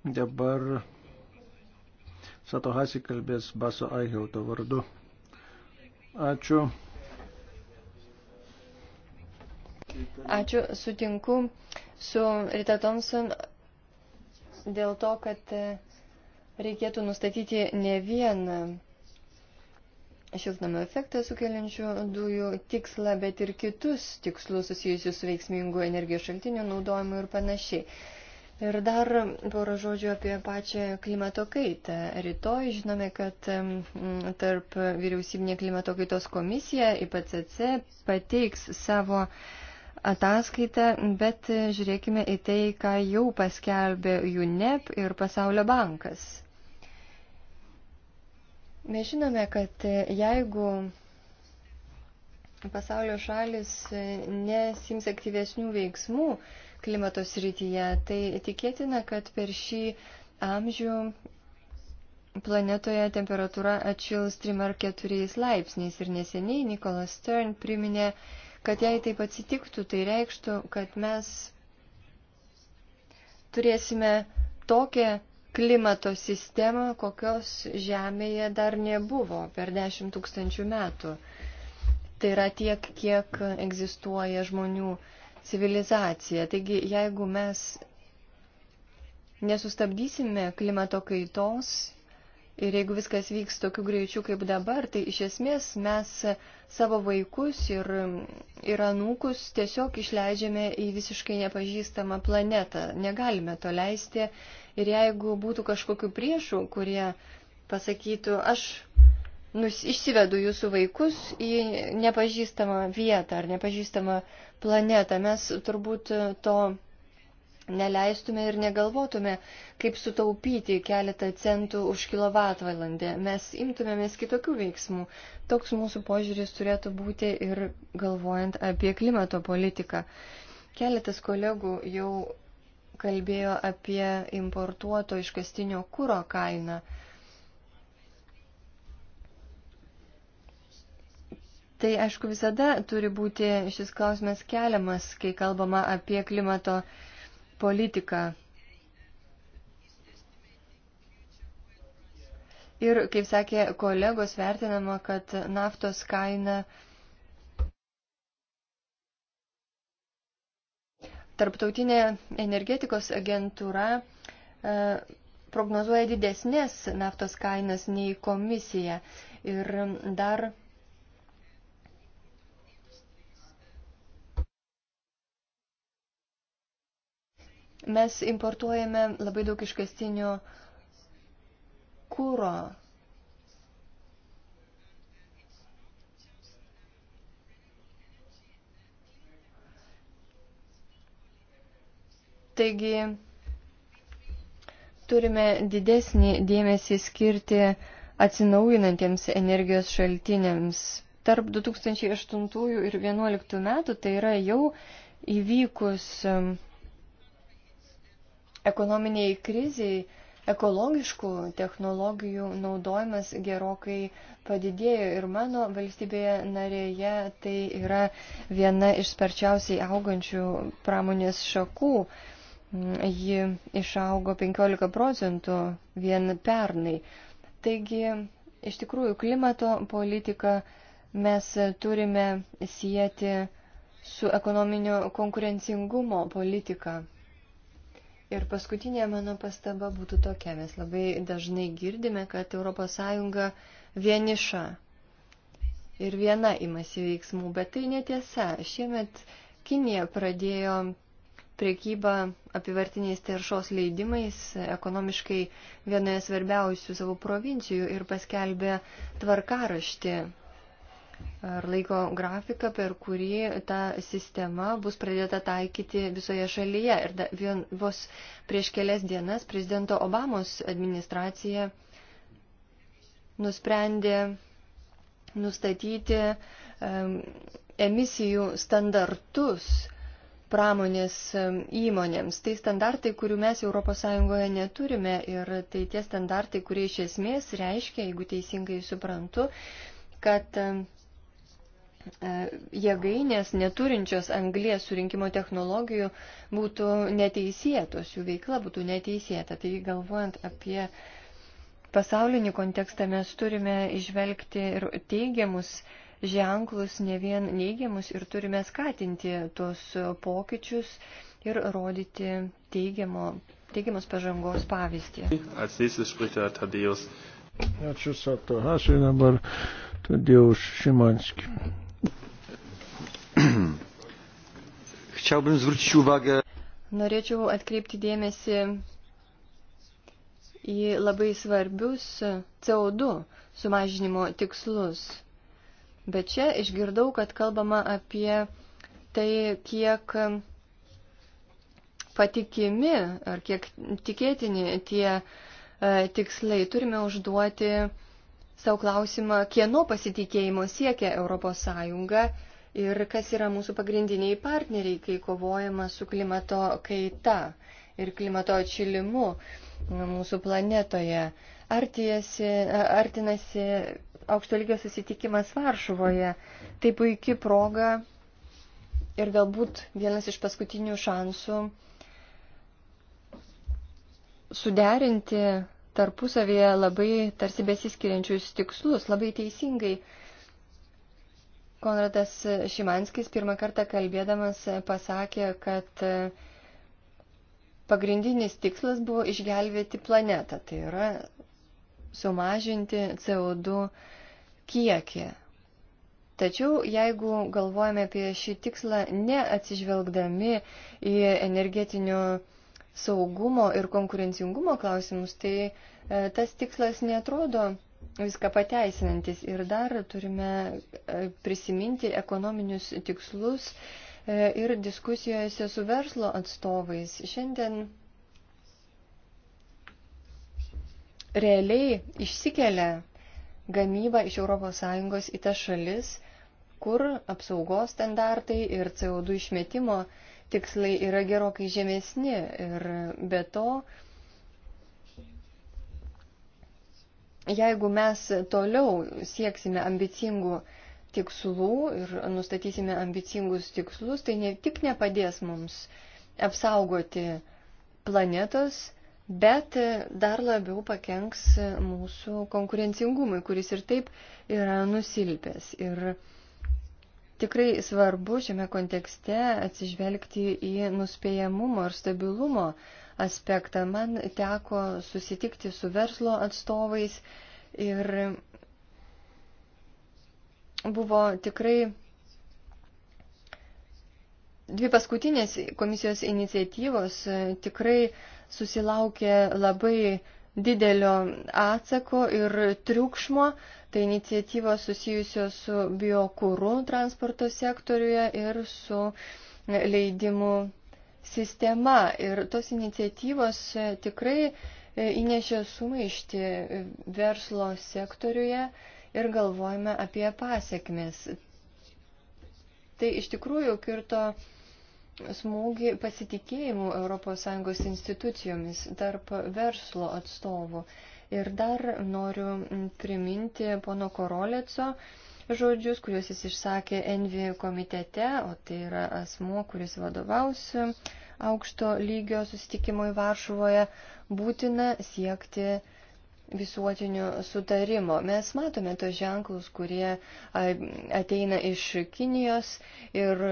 B: dabar Satohasi kalbės Baso Aihauto vardu. Ačiū.
A: Ačiū, sutinku su Rita Thompson dėl to, kad e, reikėtų nustatyti ne vien e, šiltnamio efektą sukeliančių dujų tikslą, bet ir kitus tikslus susijusius su veiksmingu energijos šaltiniu naudojimu ir panašiai. Ir dar porą žodžių apie pačią klimato kaitą. Rytoj žinome, kad tarp vyriausybinė klimato kaitos komisija IPCC pateiks savo uh, ataskaitą, bet žiūrėkime į tai, ką jau paskelbė UNEP ir Pasaulio bankas. Mes žinome, kad jeigu pasaulio šalis nesims aktyvesnių veiksmų klimato srityje, tai tikėtina, kad per šį amžių planetoje temperatūra atšils 3 ar 4 laipsniais. Ir neseniai Nikolas Stern priminė, kad jei taip atsitiktų, tai reikštų, kad mes turėsime tokią klimato sistemą, kokios Žemėje dar nebuvo per 10 tūkstančių metų. Tai yra tiek, kiek egzistuoja žmonių civilizacija. Taigi, jeigu mes nesustabdysime klimato kaitos Ir jeigu viskas vyks tokiu greičiu kaip dabar, tai iš esmės mes savo vaikus ir, ir anūkus tiesiog išleidžiame į visiškai nepažįstamą planetą. Negalime to leisti. Ir jeigu būtų kažkokių priešų, kurie pasakytų, aš nus, išsivedu jūsų vaikus į nepažįstamą vietą ar nepažįstamą planetą, mes turbūt to neleistume ir negalvotume, kaip sutaupyti keletą centų už kilovatvalandę. Mes imtumėmės kitokių veiksmų. Toks mūsų požiūris turėtų būti ir galvojant apie klimato politiką. Keletas kolegų jau kalbėjo apie importuoto iškastinio kūro kainą. Tai aišku visada turi būti šis klausimas keliamas, kai kalbama apie klimato politiką politiką. Ir, kaip sakė kolegos, vertinama, kad naftos kaina Tarptautinė energetikos agentūra e, prognozuoja didesnės naftos kainas nei komisija. Ir dar Mes importuojame labai daug iškastinio kūro. Taigi turime didesnį dėmesį skirti atsinaujinantiems energijos šaltiniams. Tarp 2008 ir 2011 metų tai yra jau įvykus um, ekonominiai kriziai ekologiškų technologijų naudojimas gerokai padidėjo ir mano valstybėje narėje tai yra viena iš sparčiausiai augančių pramonės šakų. Ji išaugo 15 procentų vien pernai. Taigi, iš tikrųjų, klimato politiką mes turime sieti su ekonominio konkurencingumo politika. Ir paskutinė mano pastaba būtų tokia. Mes labai dažnai girdime, kad ES vieniša ir viena imasi veiksmų, bet tai netiesa. Šiemet Kinija pradėjo priekybą apivartiniais teršos leidimais ekonomiškai vienoje svarbiausių savo provincijų ir paskelbė tvarkaraštį ar laiko grafiką, per kurį ta sistema bus pradėta taikyti visoje šalyje. Ir da, vien, vos prieš kelias dienas prezidento Obamos administracija nusprendė nustatyti um, emisijų standartus pramonės įmonėms. Tai standartai, kurių mes ES neturime ir tai tie standartai, kurie iš esmės reiškia, jeigu teisingai suprantu, kad um, E, jėgainės neturinčios anglės surinkimo technologijų būtų neteisėtos, jų veikla būtų neteisėta. Taigi galvojant apie pasaulinį kontekstą mes turime išvelgti ir teigiamus ženklus, ne vien neigiamus ir turime skatinti tuos pokyčius ir rodyti teigiamo, teigiamos pažangos pavyzdį.
B: Ačiū, Sato Hasiu, dabar Tadėjus Šimanski.
C: Chciałbym zwrócić uwagę.
A: Norėčiau atkreipti dėmesį į labai svarbius CO2 sumažinimo tikslus. Bet čia išgirdau, kad kalbama apie tai, kiek patikimi ar kiek tikėtini tie e, tikslai. Turime užduoti savo klausimą, kieno pasitikėjimo siekia ES ir kas yra mūsų pagrindiniai partneriai, kai kovojama su klimato kaita ir klimato atšilimu mūsų planetoje. Artijasi, artinasi aukšto lygio susitikimas Varšuvoje. Tai puikia proga ir galbūt vienas iš paskutinių šansų suderinti tarpusavėje labai tarsi besiskiriančius tikslus, labai teisingai uh, Konradas Šimanskis pirmą kartą kalbėdamas pasakė, kad pagrindinis tikslas buvo išgelbėti planetą, tai yra sumažinti CO2 kiekį. Tačiau jeigu galvojame apie šį tikslą neatsižvelgdami į energetinio saugumo ir konkurencingumo klausimus, tai e, tas tikslas netrodo viską pateisinantis. Ir dar turime e, prisiminti ekonominius tikslus e, ir diskusijose su verslo atstovais. Šiandien realiai išsikelia gamybą iš ES į tas šalis, kur apsaugos standartai ir CO2 išmetimo tikslai yra gerokai žemesni. Ir be to, jeigu mes toliau sieksime ambicingų tikslų ir nustatysime ambicingus tikslus, tai ne tik nepadės mums apsaugoti planetos, bet dar labiau pakenks mūsų konkurencingumui, kuris ir taip yra nusilpęs. Ir tikrai svarbu šiame kontekste atsižvelgti į nuspėjamumo ir stabilumo uh, aspektą. Man teko susitikti su verslo atstovais ir buvo tikrai dvi paskutinės komisijos iniciatyvos tikrai susilaukė labai didelio atsako ir triukšmo. Tai iniciatyvos susijusios su biokūru transporto sektoriuje ir su leidimu sistema ir tos iniciatyvos e, tikrai e, įnešė sumaišti e, verslo sektoriuje ir galvojame apie pasiekmes. Tai iš tikrųjų kirto smūgį pasitikėjimų ES institucijomis tarp verslo atstovų. Ir dar noriu priminti pono Koroleco, žodžius, kuriuos jis išsakė Envi komitete, o tai yra asmuo, kuris vadovaus aukšto lygio susitikimui Varšuvoje, būtina siekti visuotiniu sutarimo. Mes matome tos ženklus, kurie ateina iš Kinijos ir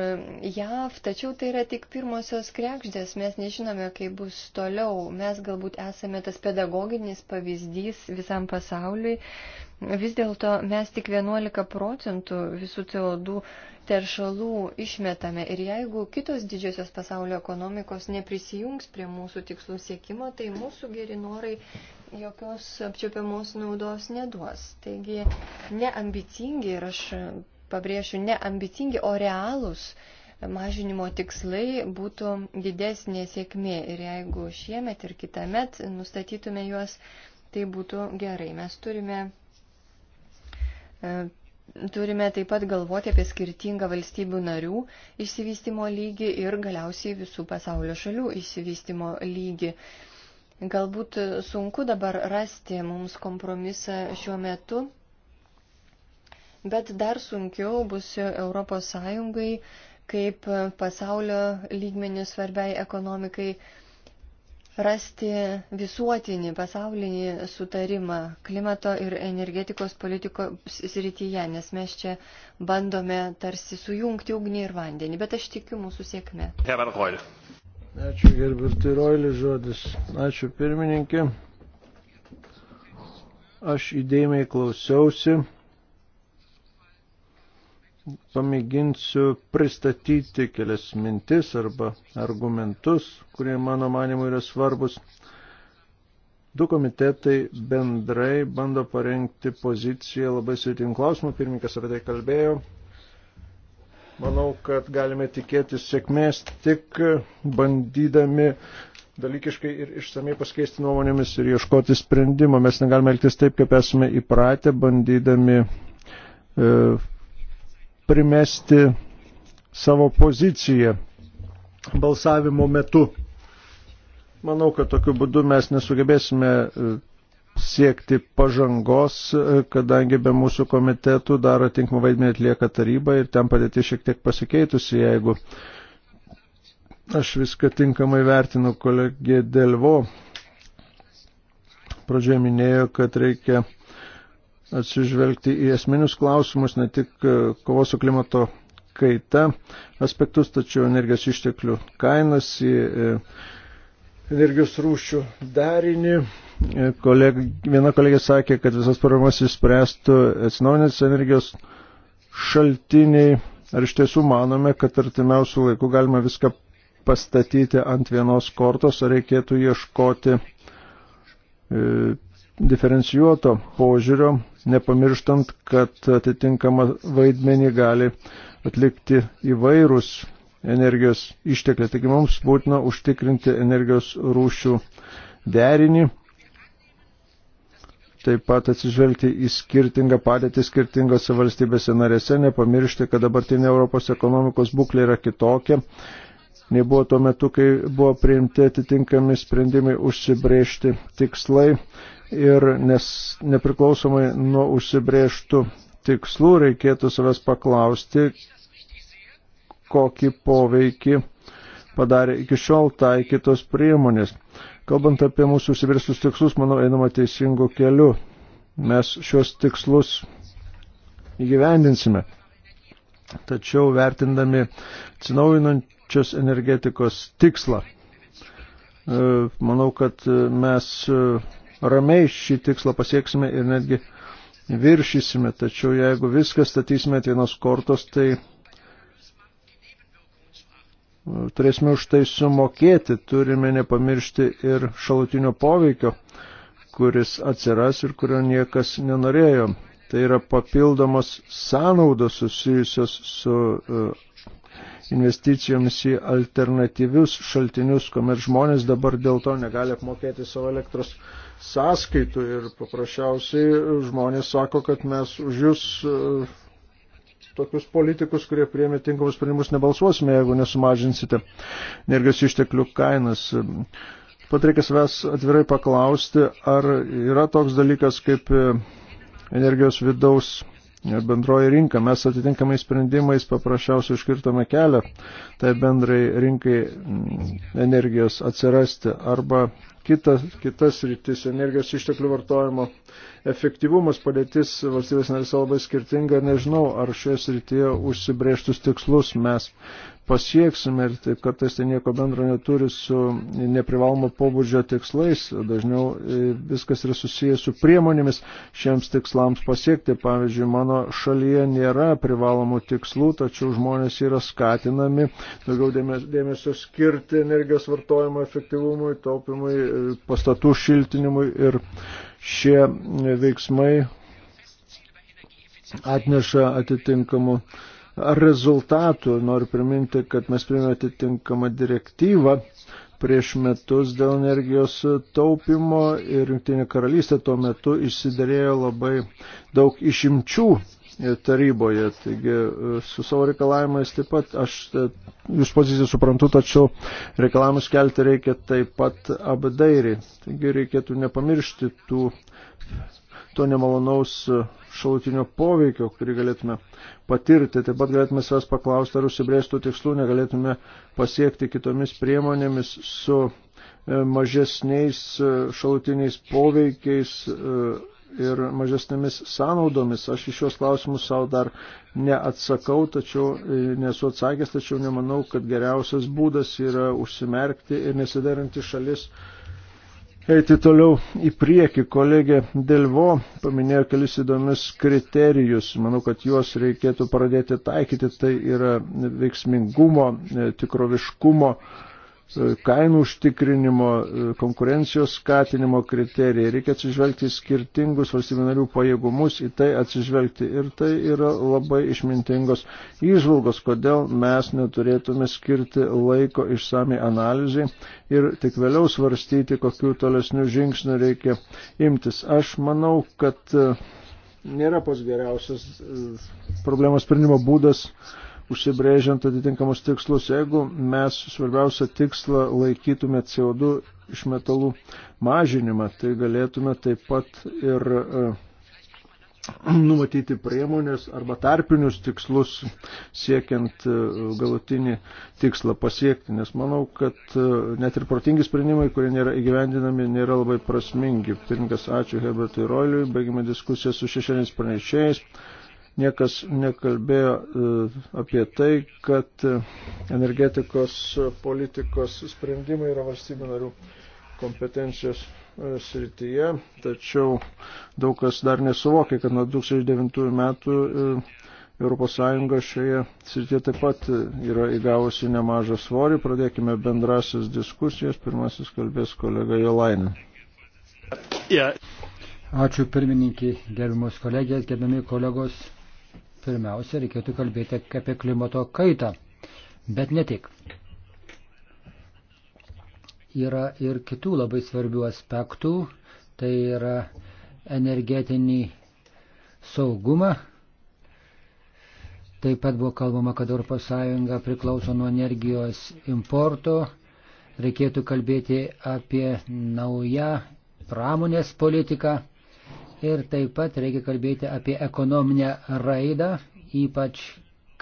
A: JAV, tačiau tai yra tik pirmosios krekždės, mes nežinome, kaip bus toliau. Mes galbūt esame tas pedagoginis pavyzdys visam pasauliui. Vis dėlto mes tik 11 procentų visų CO2 teršalų išmetame ir jeigu kitos didžiosios pasaulio ekonomikos neprisijungs prie mūsų tikslų siekimo, tai mūsų geri norai jokios apčiopiamos naudos neduos. Taigi neambicingi, ir aš pabrėšiu, neambicingi, o realūs mažinimo tikslai būtų didesnė sėkmė. Ir jeigu šiemet ir kitamet nustatytume juos, tai būtų gerai. Mes turime. E, turime taip pat galvoti apie skirtingą valstybių narių išsivystimo lygį ir galiausiai visų pasaulio šalių išsivystimo lygį. Uh, Galbūt sunku dabar rasti mums kompromisą šiuo metu, bet dar sunkiau bus ES kaip pasaulio lygmenių svarbiai ekonomikai rasti visuotinį pasaulinį sutarimą klimato ir energetikos politikos srityje, nes mes čia bandome tarsi sujungti ugnį ir vandenį, bet aš tikiu mūsų sėkme.
B: Ačiū Gerbertui Roilį žodis. Ačiū pirmininkė. Aš įdėmiai klausiausi. Pamėginsiu pristatyti kelias mintis arba argumentus, kurie mano manimu yra svarbus. Du komitetai bendrai bando parengti poziciją labai sveitim klausimų. Pirmininkas apie tai kalbėjo. Manau, kad galime tikėtis sėkmės tik bandydami dalykiškai ir išsamei paskeisti nuomonėmis ir ieškoti sprendimo. Mes negalime elgtis taip, kaip esame įpratę, bandydami e, primesti savo poziciją balsavimo metu. Manau, kad tokiu būdu mes nesugebėsime e, siekti pažangos, kadangi be mūsų komitetų dar atinkamą vaidmenį atlieka taryba ir ten padėti šiek tiek pasikeitusi, jeigu aš viską tinkamai vertinu kolegė Delvo. Pradžioje minėjo, kad reikia atsižvelgti į esminius klausimus, ne tik e, kovos su klimato kaita aspektus, tačiau energijos išteklių kainas, į e, energijos rūšių darinį Koleg, viena kolegė sakė, kad visas problemas išspręstų atsinaujinės energijos šaltiniai. Ar iš tiesų manome, kad artimiausių laikų galima viską pastatyti ant vienos kortos, ar reikėtų ieškoti e, diferencijuoto požiūrio, nepamirštant, kad atitinkamą vaidmenį gali atlikti įvairūs energijos ištekliai. Taigi mums būtina užtikrinti energijos rūšių derinį taip pat atsižvelgti į skirtingą padėtį skirtingose valstybėse narėse, nepamiršti, kad dabartinė Europos ekonomikos būklė yra kitokia. Nei buvo tuo metu, kai buvo priimti atitinkami sprendimai užsibriežti tikslai ir nes, nepriklausomai nuo užsibriežtų tikslų reikėtų savęs paklausti, kokį poveikį padarė iki šiol taikytos priemonės. Kalbant apie mūsų užsivirstus tikslus, manau, einama teisingu keliu. Mes šios tikslus įgyvendinsime. Tačiau vertindami atsinaujinančios energetikos tikslą, e, manau, kad mes e, ramiai šį tikslą pasieksime ir netgi viršysime. Tačiau jeigu viską statysime ant vienos kortos, tai turėsime už tai sumokėti, turime nepamiršti ir šalutinio poveikio, kuris atsiras ir kurio niekas nenorėjo. Tai yra papildomos sąnaudos susijusios su e, investicijomis į alternatyvius šaltinius, kuomet žmonės dabar dėl to negali apmokėti savo elektros sąskaitų ir paprasčiausiai žmonės sako, kad mes už jūs e, tokius politikus, kurie priemė tinkamus sprendimus, nebalsuosime, jeigu nesumažinsite energijos išteklių kainas. Pat reikia savęs atvirai paklausti, ar yra toks dalykas kaip e, energijos vidaus e, bendroji rinka. Mes atitinkamai sprendimais paprasčiausiai iškirtame kelią tai bendrai rinkai energijos atsirasti arba kitas, kitas rytis - energijos išteklių vartojimo efektyvumas, padėtis valstybės narys labai skirtinga. Nežinau, ar šioje srityje užsibrėžtus tikslus mes pasieksime ir taip, kad tas tai nieko bendro neturi su neprivalomo pobūdžio tikslais. Dažniau e, viskas yra susijęs su priemonėmis šiems tikslams pasiekti. Pavyzdžiui, mano šalyje nėra privalomų tikslų, tačiau žmonės yra skatinami daugiau dėmesio skirti energijos vartojimo efektyvumui, taupimui, pastatų šiltinimui ir šie veiksmai atneša atitinkamų rezultatų. Noriu priminti, kad mes priėmėme atitinkamą direktyvą prieš metus dėl energijos taupimo ir Junktinė karalystė tuo metu išsiderėjo labai daug išimčių E, taryboje. Taigi e, su savo reikalavimais taip pat aš e, jūs poziciją suprantu, tačiau reikalavimus kelti reikia taip pat apdairiai. Taigi reikėtų nepamiršti tų, to nemalonaus šalutinio poveikio, kurį galėtume patirti. Taip pat galėtume savęs paklausti, ar užsibrėžtų tikslų negalėtume pasiekti kitomis priemonėmis su mažesniais šalutiniais poveikiais ir mažesnėmis sąnaudomis. Aš iš šios klausimus savo dar neatsakau, tačiau e, nesu atsakęs, tačiau nemanau, kad geriausias būdas yra užsimerkti ir nesidaranti šalis. Eiti toliau į priekį. Kolegė Delvo paminėjo kelis įdomius kriterijus. Manau, kad juos reikėtų pradėti taikyti. Tai yra veiksmingumo, e, tikroviškumo kainų užtikrinimo, konkurencijos skatinimo kriterijai. Reikia atsižvelgti į skirtingus valstybinarių pajėgumus, į tai atsižvelgti. Ir tai yra labai išmintingos įžvalgos, kodėl mes neturėtume skirti laiko išsamiai analizai ir tik vėliau svarstyti, kokiu tolesnių žingsnių reikia imtis. Aš manau, kad e, nėra pas geriausias e, problemos sprendimo būdas užsibrėžiant atitinkamus tikslus. Jeigu mes svarbiausią tikslą laikytume CO2 iš metalų mažinimą, tai galėtume taip pat ir e, numatyti priemonės arba tarpinius tikslus siekiant e, galutinį tikslą pasiekti, nes manau, kad e, net ir protingi sprendimai, kurie nėra įgyvendinami, nėra labai prasmingi. Pirmkas, ačiū Herbertui Roiliui, baigime diskusiją su šešėniais pranešėjais. Niekas nekalbėjo e, apie tai, kad e, energetikos politikos sprendimai yra valstybių narių kompetencijos e, srityje, tačiau daug kas dar nesuvokia, kad nuo 2009 metų ES šioje srityje taip pat yra įgavusi nemažą svorį. Pradėkime bendrasis diskusijas. Pirmasis kalbės kolega Jolainin.
C: Ačiū pirmininkį, gerbiamos kolegės, gerbiami kolegos pirmiausia, reikėtų kalbėti apie klimato kaitą, bet ne tik. Yra ir kitų labai svarbių aspektų, tai yra energetinį saugumą. Taip pat buvo kalbama, kad ES priklauso nuo energijos importo. Reikėtų kalbėti apie naują pramonės politiką Ir taip pat reikia kalbėti apie ekonominę raidą, ypač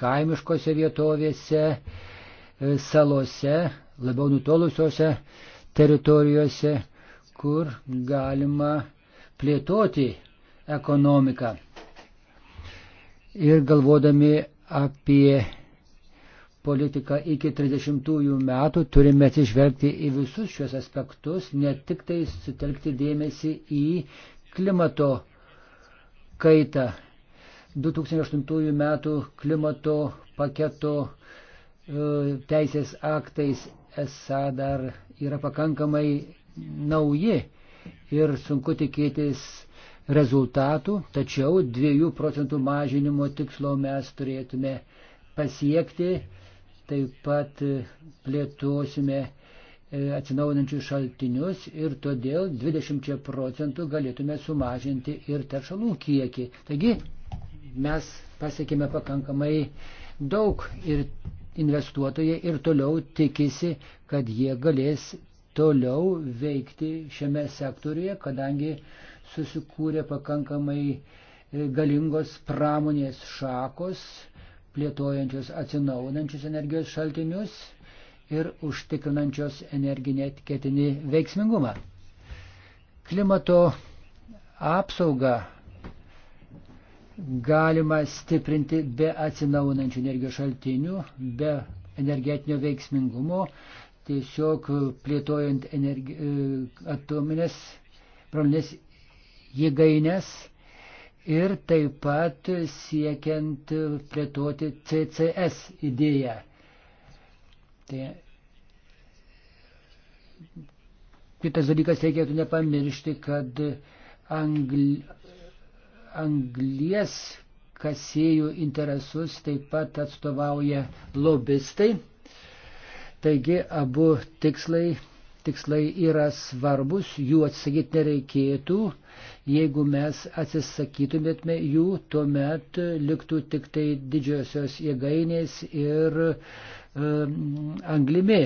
C: kaimiškose vietovėse, e, salose, labiau nutolusiuose teritorijose, kur galima plėtoti ekonomiką. Ir galvodami apie politiką iki 30 metų turime atsižvelgti į visus šios aspektus, ne tik tai sutelkti dėmesį į klimato kaitą. 2008 metų klimato paketo e, teisės aktais esą dar yra pakankamai nauji ir sunku tikėtis rezultatų, tačiau 2 procentų mažinimo tikslo mes turėtume pasiekti, taip pat plėtosime E, atsinaujinančius šaltinius ir todėl 20 procentų galėtume sumažinti ir teršalų kiekį. Taigi mes pasiekime pakankamai daug ir investuotojai ir toliau tikisi, kad jie galės toliau veikti šiame sektoriuje, kadangi susikūrė pakankamai e, galingos pramonės šakos, plėtojančios atsinaujinančius energijos šaltinius ir užtikrinančios energinėtketinį veiksmingumą. Klimato apsaugą galima stiprinti be atsinaunančių energijos šaltinių, be energetinio veiksmingumo, tiesiog plėtojant energi... E, atominės pramonės jėgainės ir taip pat siekiant plėtoti CCS idėją. Tai kitas dalykas reikėtų nepamiršti, kad angli, anglies kasėjų interesus taip pat atstovauja lobistai. Taigi abu tikslai tikslai yra svarbus, jų atsisakyti nereikėtų. Jeigu mes atsisakytumėtume jų, tuomet liktų tik tai didžiosios jėgainės ir anglimi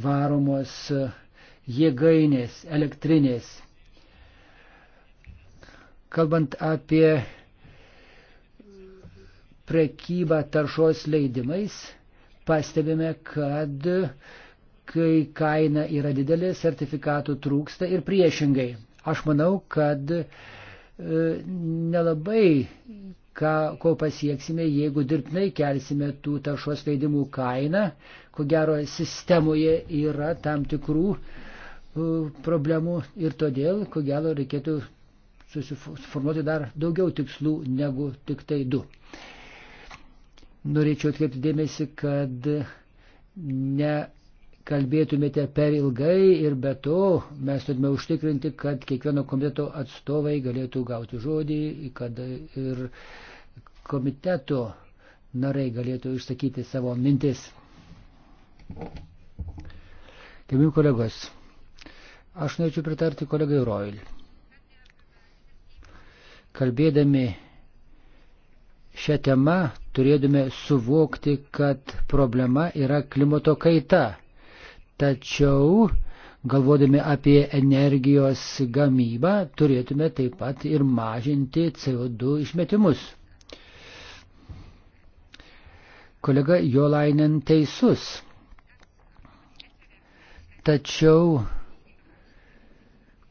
C: varomos e, jėgainės, elektrinės. Kalbant apie prekybą taršos leidimais, pastebime, kad kai kaina yra didelė, sertifikatų trūksta ir priešingai. Aš manau, kad e, nelabai ką, ko pasieksime, jeigu dirbtinai kelsime tų taršos leidimų kainą, ko gero sistemoje yra tam tikrų uh, problemų ir todėl, ko gero, reikėtų susiformuoti dar daugiau tikslų negu tik tai du. Norėčiau atkreipti dėmesį, kad ne kalbėtumėte per ilgai ir be to mes turime užtikrinti, kad kiekvieno komiteto atstovai galėtų gauti žodį, kad ir komiteto nariai galėtų išsakyti savo mintis. Gerbimi kolegos, aš norėčiau pritarti kolegai Roil. Kalbėdami šią temą turėtume suvokti, kad problema yra klimato kaita. Tačiau, galvodami apie energijos gamybą, turėtume taip pat ir mažinti CO2 išmetimus. Kolega Jolainen teisus. Tačiau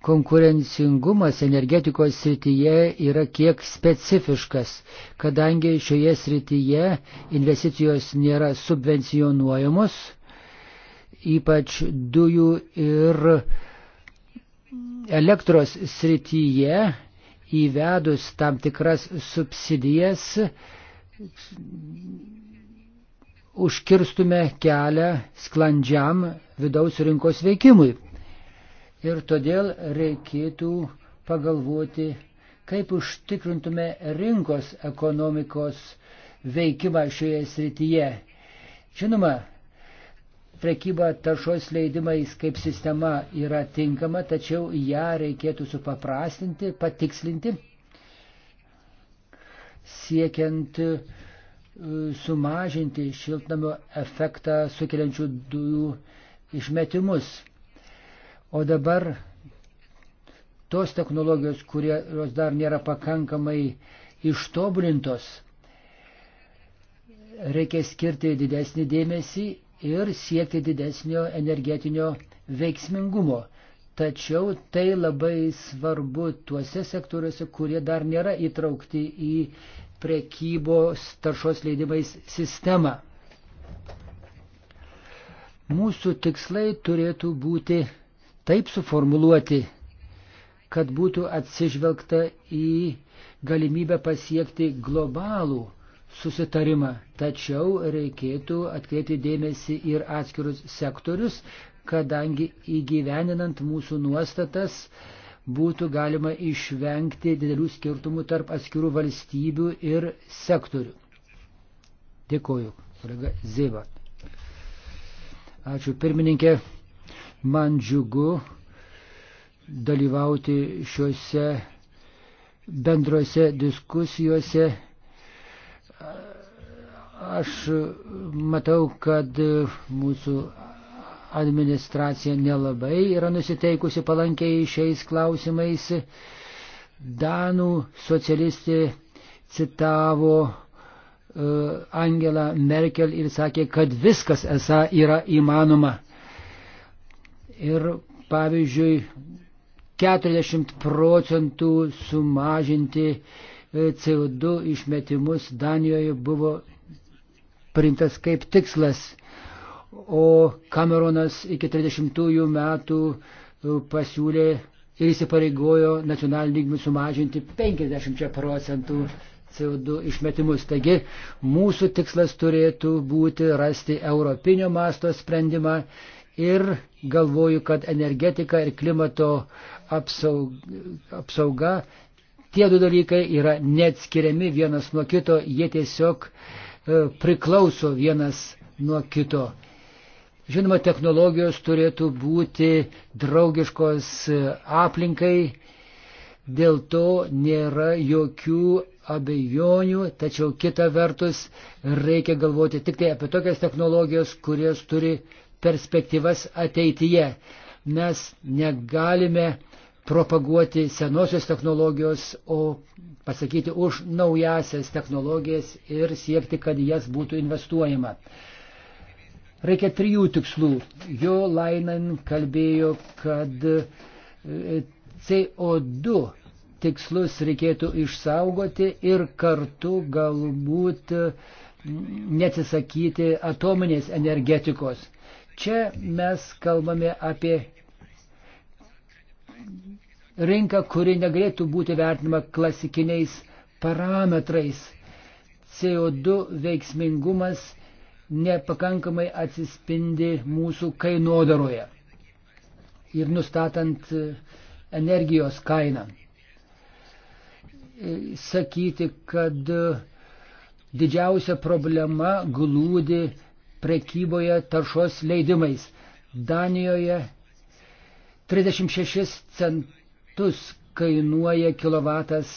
C: konkurencingumas energetikos srityje yra kiek specifiškas, kadangi šioje srityje investicijos nėra subvencionuojamos ypač dujų ir elektros srityje įvedus tam tikras subsidijas užkirstume kelią sklandžiam vidaus rinkos veikimui. Ir todėl reikėtų pagalvoti, kaip užtikrintume rinkos ekonomikos veikimą šioje srityje. Žinoma, prekyba taršos leidimais kaip sistema yra tinkama, tačiau ją reikėtų supaprastinti, patikslinti, siekiant e, sumažinti šiltnamio efektą sukeliančių dujų išmetimus. O dabar tos technologijos, kurios dar nėra pakankamai ištobulintos, reikia skirti didesnį dėmesį ir siekti didesnio energetinio veiksmingumo. Tačiau tai labai svarbu tuose sektoriuose, kurie dar nėra įtraukti į prekybos taršos leidimais sistemą. Mūsų tikslai turėtų būti taip suformuluoti, kad būtų atsižvelgta į galimybę pasiekti globalų susitarimą. Tačiau reikėtų atkreipti dėmesį ir atskirus sektorius, kadangi įgyveninant mūsų nuostatas būtų galima išvengti didelių skirtumų tarp atskirų valstybių ir sektorių. Dėkoju, kolega Ziva. Ačiū pirmininkė, man džiugu dalyvauti šiuose bendrose diskusijose Aš e, matau, kad e, mūsų administracija nelabai yra nusiteikusi palankiai šiais klausimais. Danų socialistė citavo e, Angela Merkel ir sakė, kad viskas esą yra įmanoma. Ir pavyzdžiui, 40 procentų sumažinti CO2 išmetimus Danijoje buvo priimtas kaip tikslas, o Cameronas iki 30 metų e, pasiūlė ir įsipareigojo nacionalinį lygmį sumažinti 50 procentų CO2 išmetimus. Taigi mūsų tikslas turėtų būti rasti europinio masto sprendimą ir galvoju, kad energetika ir klimato apsauga, apsauga tie du dalykai yra neatskiriami vienas nuo kito, jie tiesiog E, priklauso vienas nuo kito. Žinoma, technologijos turėtų būti draugiškos e, aplinkai, dėl to nėra jokių abejonių, tačiau kita vertus reikia galvoti tik tai apie tokias technologijos, kurios turi perspektyvas ateityje. Mes negalime propaguoti senosios technologijos, o pasakyti už naujasias technologijas ir siekti, kad jas būtų investuojama. Reikia trijų tikslų. Jo Lainen kalbėjo, kad e, CO2 tikslus reikėtų išsaugoti ir kartu galbūt neatsisakyti atominės energetikos. Čia mes kalbame apie rinka, kuri negalėtų būti vertinama klasikiniais parametrais. CO2 veiksmingumas nepakankamai atsispindi mūsų kainodaroje ir nustatant e, energijos kainą. E, sakyti, kad e, didžiausia problema glūdi prekyboje taršos leidimais. Danijoje 36 centų centus kainuoja kilovatas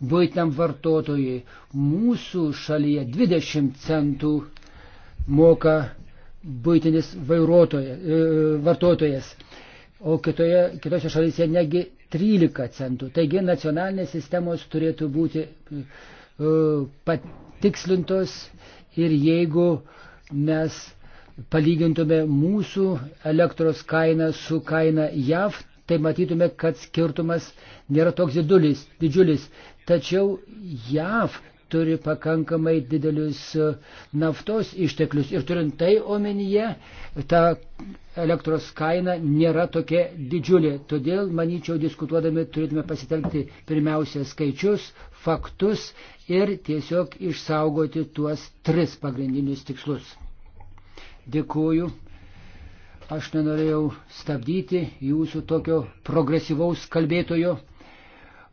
C: būtiniam vartotojui. Mūsų šalyje 20 centų moka būtinis e, vartotojas, o kitoje, kitose šalyse negi 13 centų. Taigi nacionalinės sistemos turėtų būti uh, patikslintos ir jeigu mes palygintume mūsų elektros kainą su kaina JAV, tai matytume, kad skirtumas nėra toks didulis, didžiulis. Tačiau JAV turi pakankamai didelius e, naftos išteklius ir turint tai omenyje, ta elektros kaina nėra tokia didžiulė. Todėl, manyčiau, diskutuodami turėtume pasitelkti pirmiausia skaičius, faktus ir tiesiog išsaugoti tuos tris pagrindinius tikslus. Dėkuoju. Aš nenorėjau stabdyti jūsų tokio progresyvaus kalbėtojo.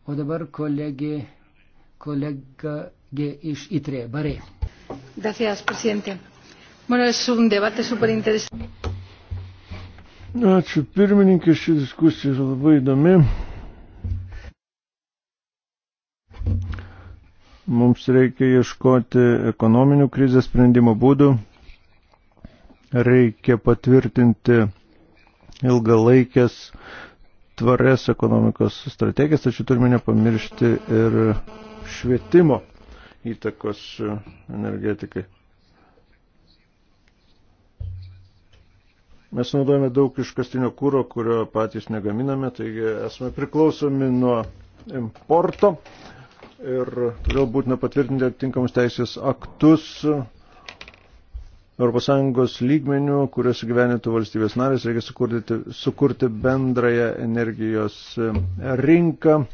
C: O dabar kolegė, kolegė iš Itrė, Barė.
A: Gracias, presidente. Bueno, es un debate súper interesante.
B: Ačiū pirmininkė, ši diskusija yra labai įdomi. Mums reikia ieškoti ekonominių krizės sprendimo būdų, reikia patvirtinti ilgalaikės tvarias ekonomikos strategijas, tačiau turime nepamiršti ir švietimo įtakos energetikai. Mes naudojame daug iškastinio kūro, kurio patys negaminame, taigi esame priklausomi nuo importo ir todėl būtina patvirtinti atitinkamus teisės aktus, ES lygmenių, kurios gyvenintų valstybės narės, reikia sukurti, sukurti bendrąją energijos e, rinką, e,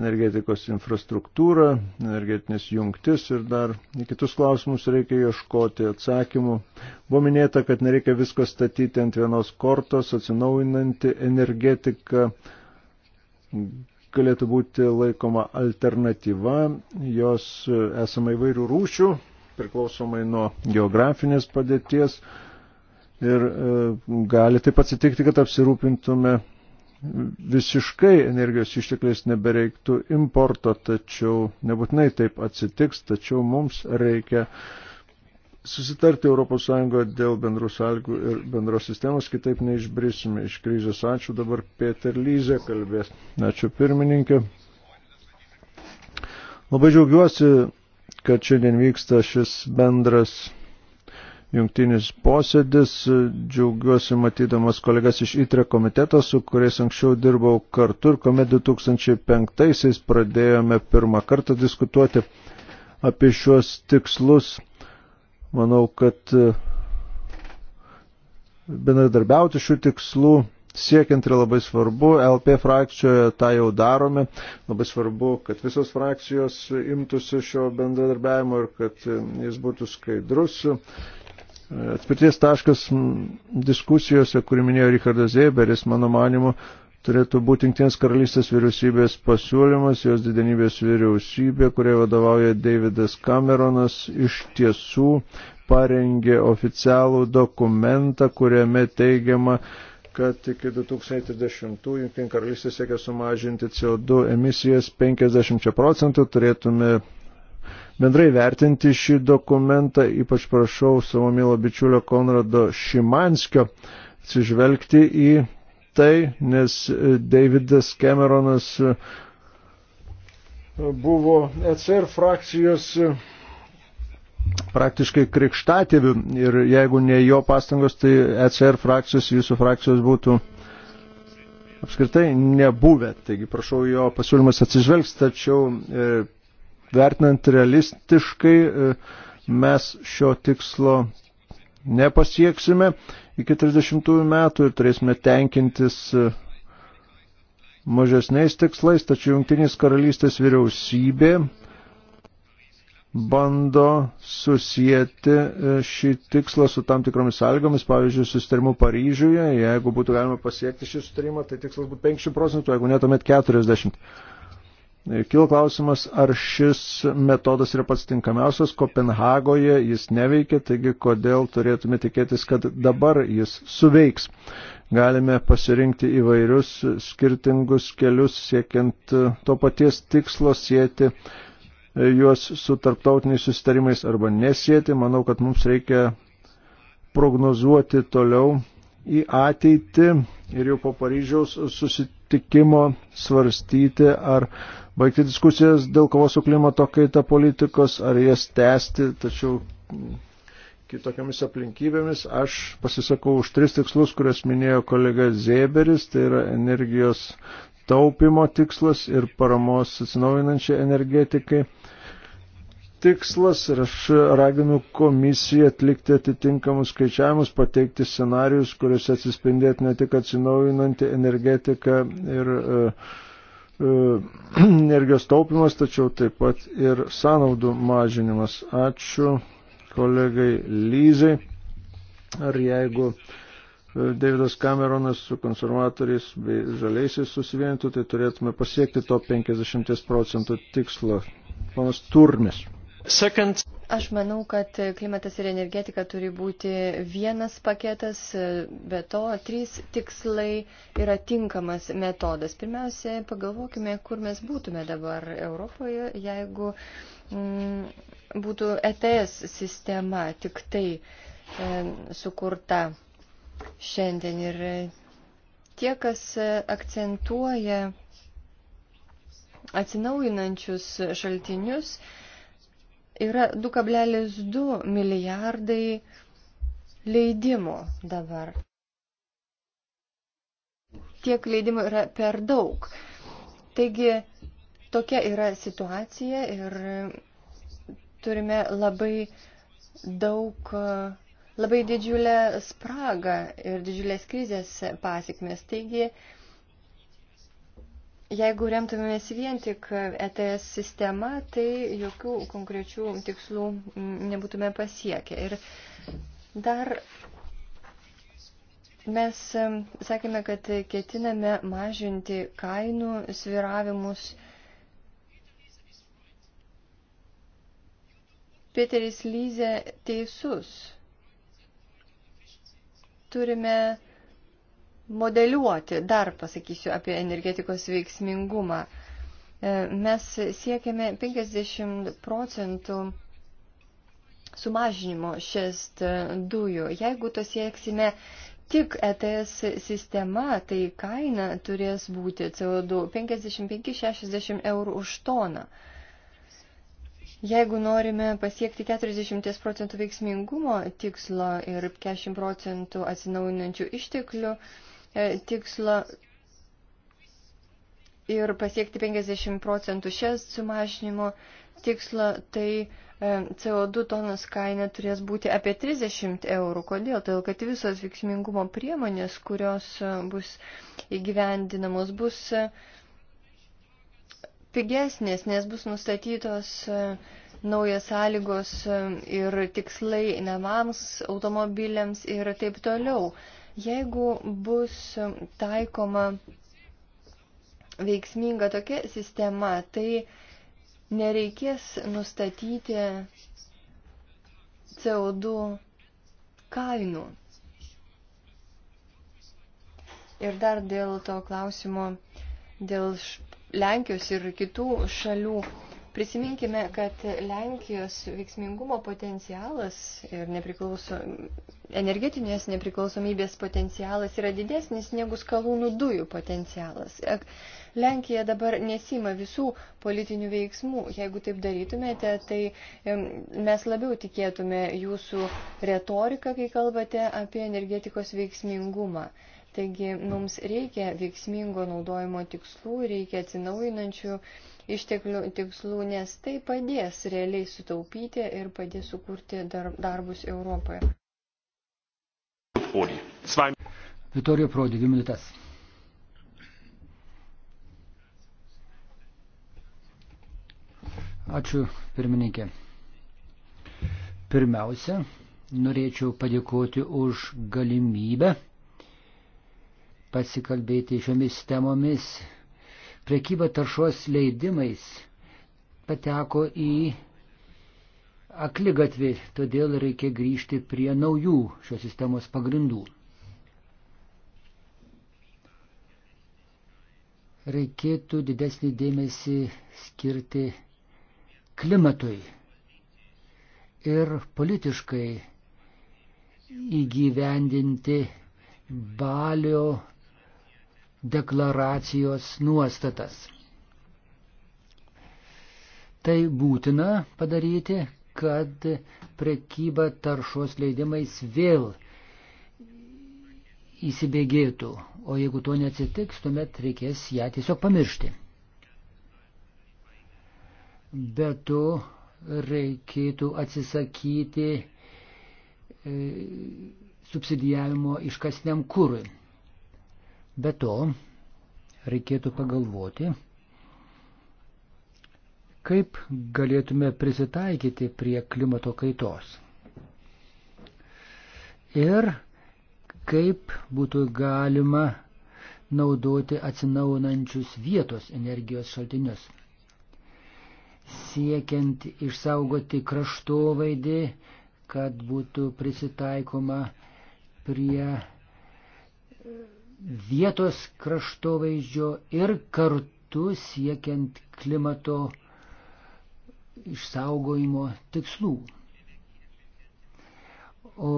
B: energetikos infrastruktūrą, energetinės jungtis ir dar į kitus klausimus reikia ieškoti atsakymų. Buvo minėta, kad nereikia visko statyti ant vienos kortos, atsinaujinanti energetika galėtų būti laikoma alternatyva, jos e, esama įvairių rūšių, priklausomai nuo geografinės padėties ir e, gali taip atsitikti, kad apsirūpintume visiškai energijos ištekliais nebereiktų importo, tačiau nebūtinai taip atsitiks, tačiau mums reikia susitarti ES dėl bendrų sąlygų ir bendros sistemos, kitaip neišbrisime iš krizės. Ačiū dabar Peter Lyze kalbės. Ačiū pirmininkė. Labai džiaugiuosi kad šiandien vyksta šis bendras jungtinis posėdis. Džiaugiuosi matydamas kolegas iš ITRE komiteto, su kuriais anksčiau dirbau kartu ir kuomet 2005-aisiais pradėjome pirmą kartą diskutuoti apie šiuos tikslus. Manau, kad e, bendradarbiauti šių tikslų siekiant yra labai svarbu, LP frakcijoje tą jau darome, labai svarbu, kad visos frakcijos imtųsi šio bendradarbiavimo ir kad jis būtų skaidrus. Atspirties taškas diskusijose, kurį minėjo Richardas Zeberis, mano manimu, turėtų būti Junktinės karalystės vyriausybės pasiūlymas, jos didenybės vyriausybė, kurie vadovauja Davidas Cameronas, iš tiesų parengė oficialų dokumentą, kuriame teigiama, kad iki 2030-ųjų Junkin karalystė siekia sumažinti CO2 emisijas 50 procentų, turėtume bendrai vertinti šį dokumentą, ypač prašau savo milo bičiulio Konrado Šimanskio atsižvelgti į tai, nes Davidas Cameronas buvo ECR frakcijos praktiškai krikštatėvių ir jeigu ne jo pastangos, tai ECR frakcijos, jūsų frakcijos būtų apskritai nebuvę. Taigi prašau jo pasiūlymas atsižvelgs, tačiau e, vertinant realistiškai e, mes šio tikslo nepasieksime iki 30 metų ir turėsime tenkintis e, mažesniais tikslais, tačiau Junktinės karalystės vyriausybė bando susijęti e, šį tikslą su tam tikromis sąlygomis, pavyzdžiui, sustarimu Paryžiuje, jeigu būtų galima pasiekti šį sustarimą, tai tikslas būtų 50 procentų, jeigu netomet 40. E, kilo klausimas, ar šis metodas yra pats tinkamiausias, Kopenhagoje jis neveikia, taigi kodėl turėtume tikėtis, kad dabar jis suveiks. Galime pasirinkti įvairius skirtingus kelius, siekiant to paties tikslo sieti juos su tarptautiniais sustarimais arba nesėti. Manau, kad mums reikia prognozuoti toliau į ateitį ir jau po Paryžiaus susitikimo svarstyti, ar baigti diskusijas dėl kovos su klimato kaita politikos, ar jas tęsti, tačiau kitokiamis aplinkybėmis. Aš pasisakau už tris tikslus, kurias minėjo kolega Zėberis, tai yra energijos taupimo tikslas ir paramos atsinaujinančiai energetikai tikslas ir aš raginu komisiją atlikti atitinkamus skaičiavimus, pateikti scenarius, kuriuose atsispindėtų ne tik atsinaujinanti energetika ir e, e, energijos taupimas, tačiau taip pat ir sąnaudų mažinimas. Ačiū kolegai Lyzai. Ar jeigu Davidas Cameronas su konservatoriais bei žaliaisiais susivienytų, tai turėtume pasiekti to 50 procentų tikslo. Panas Turmis.
A: Second. Aš manau, kad klimatas ir energetika turi būti vienas paketas, be to trys tikslai yra tinkamas metodas. Pirmiausia, pagalvokime, kur mes būtume dabar Europoje, jeigu mm, būtų ETS sistema tik tai e, sukurta šiandien ir tie, kas akcentuoja atsinaujinančius šaltinius, yra 2,2 milijardai leidimų dabar. Tiek leidimų yra per daug. Taigi tokia yra situacija ir turime labai daug labai didžiulę spragą ir didžiulės krizės pasiekmes. Taigi, jeigu remtumėmės vien tik ETS sistema, tai jokių konkrečių tikslų nebūtume pasiekę. Ir dar Mes sakėme, kad ketiname mažinti kainų sviravimus. Peteris Lyze teisus turime modeliuoti, dar pasakysiu apie energetikos veiksmingumą. E, mes siekiame 50 procentų sumažinimo šias e, dujų. Jeigu to sieksime tik ETS sistema, tai kaina turės būti CO2 55-60 eurų už toną. Jeigu norime pasiekti 40 procentų veiksmingumo tikslo ir 40 procentų atsinaujinančių išteklių e, tikslo ir pasiekti 50 procentų šias sumažinimo tikslo, tai e, CO2 tonos kaina turės būti apie 30 eurų. Kodėl? Todėl, kad visos veiksmingumo priemonės, kurios e, bus įgyvendinamos, bus uh, pigesnės, nes bus nustatytos e, naujas sąlygos e, ir tikslai namams, automobiliams ir taip toliau. Jeigu bus e, taikoma veiksminga tokia sistema, tai nereikės nustatyti CO2 kainų. Ir dar dėl to klausimo, dėl š Lenkijos ir kitų šalių. Prisiminkime, kad Lenkijos veiksmingumo potencialas ir nepriklauso, energetinės nepriklausomybės potencialas yra didesnis negu skalūnų dujų potencialas. Lenkija dabar nesima visų politinių veiksmų. Jeigu taip darytumėte, tai mes labiau tikėtume jūsų retoriką, kai kalbate apie energetikos veiksmingumą. Taigi mums reikia veiksmingo naudojimo tikslų, reikia atsinaujinančių išteklių tikslų, nes tai padės realiai sutaupyti ir padės sukurti dar, darbus Europoje.
C: Vitorijo Prodi, dvi minutės. Ačiū, pirmininkė. Pirmiausia, norėčiau padėkoti už galimybę pasikalbėti šiomis temomis. Prekyba taršos leidimais pateko į akligatvį, todėl reikia grįžti prie naujų šios sistemos pagrindų. Reikėtų didesnį dėmesį skirti klimatui ir politiškai įgyvendinti balio deklaracijos nuostatas. Tai būtina padaryti, kad prekyba taršos leidimais vėl įsibėgėtų, o jeigu to neatsitiks, tuomet reikės ją tiesiog pamiršti. Be to reikėtų atsisakyti e, subsidijavimo iškasniam kūrui. Be to, reikėtų pagalvoti, kaip galėtume prisitaikyti prie klimato kaitos. Ir kaip būtų galima naudoti atsinaunančius vietos energijos šaltinius. Siekiant išsaugoti kraštovaidį, kad būtų prisitaikoma prie vietos kraštovaizdžio ir kartu siekiant klimato išsaugojimo tikslų. O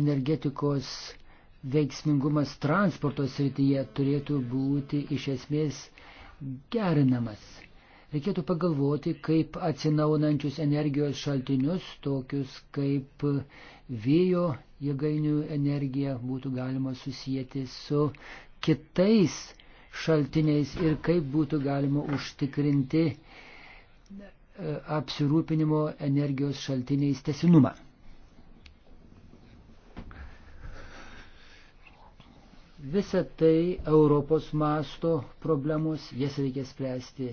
C: energetikos veiksmingumas transporto srityje turėtų būti iš esmės gerinamas. Reikėtų pagalvoti, kaip atsinaunančius energijos šaltinius, tokius kaip vėjo jėgainių energija, būtų galima susijęti su kitais šaltiniais ir kaip būtų galima užtikrinti e, apsirūpinimo energijos šaltiniais tesinumą. Visa tai Europos masto problemos, jas reikia spręsti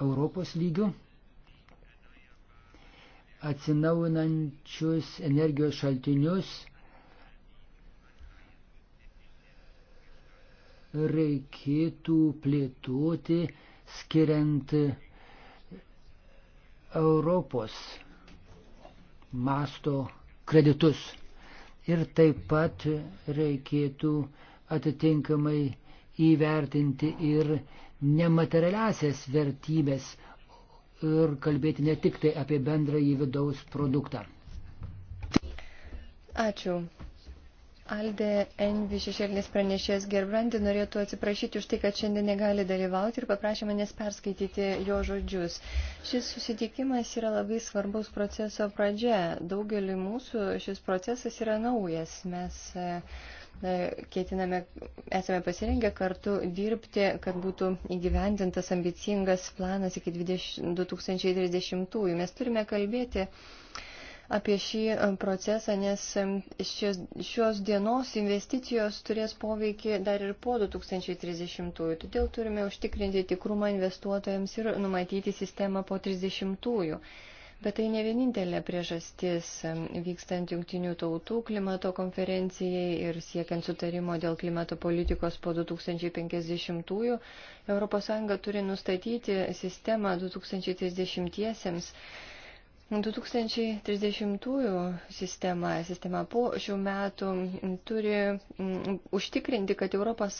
C: Europos lygių. Atsinaujinančius energijos šaltinius reikėtų plėtoti skiriant Europos masto kreditus. Ir taip pat reikėtų atitinkamai įvertinti ir nematerialiasias vertybės ir kalbėti ne tik tai apie bendrąjį vidaus produktą.
A: Ačiū. Alde Envi šešėlinis pranešėjas Gerbrandi norėtų atsiprašyti už tai, kad šiandien negali dalyvauti ir paprašė manęs perskaityti jo žodžius. Šis susitikimas yra labai svarbus proceso pradžia. Daugeliu mūsų šis procesas yra naujas. Mes uh, ketiname, esame pasirengę kartu dirbti, kad būtų įgyvendintas ambicingas planas iki 20, 2030. Mes turime kalbėti apie šį e, procesą, nes e, šios, šios dienos investicijos turės poveikį dar ir po 2030-ųjų. Todėl turime užtikrinti tikrumą investuotojams ir numatyti sistemą po 30-ųjų. Bet tai ne vienintelė priežastis vykstant jungtinių tautų klimato konferencijai ir siekiant sutarimo dėl klimato politikos po 2050-ųjų. ES turi nustatyti sistemą 2030-iesiems 2030-ųjų sistema, sistema po šių metų turi užtikrinti, kad ES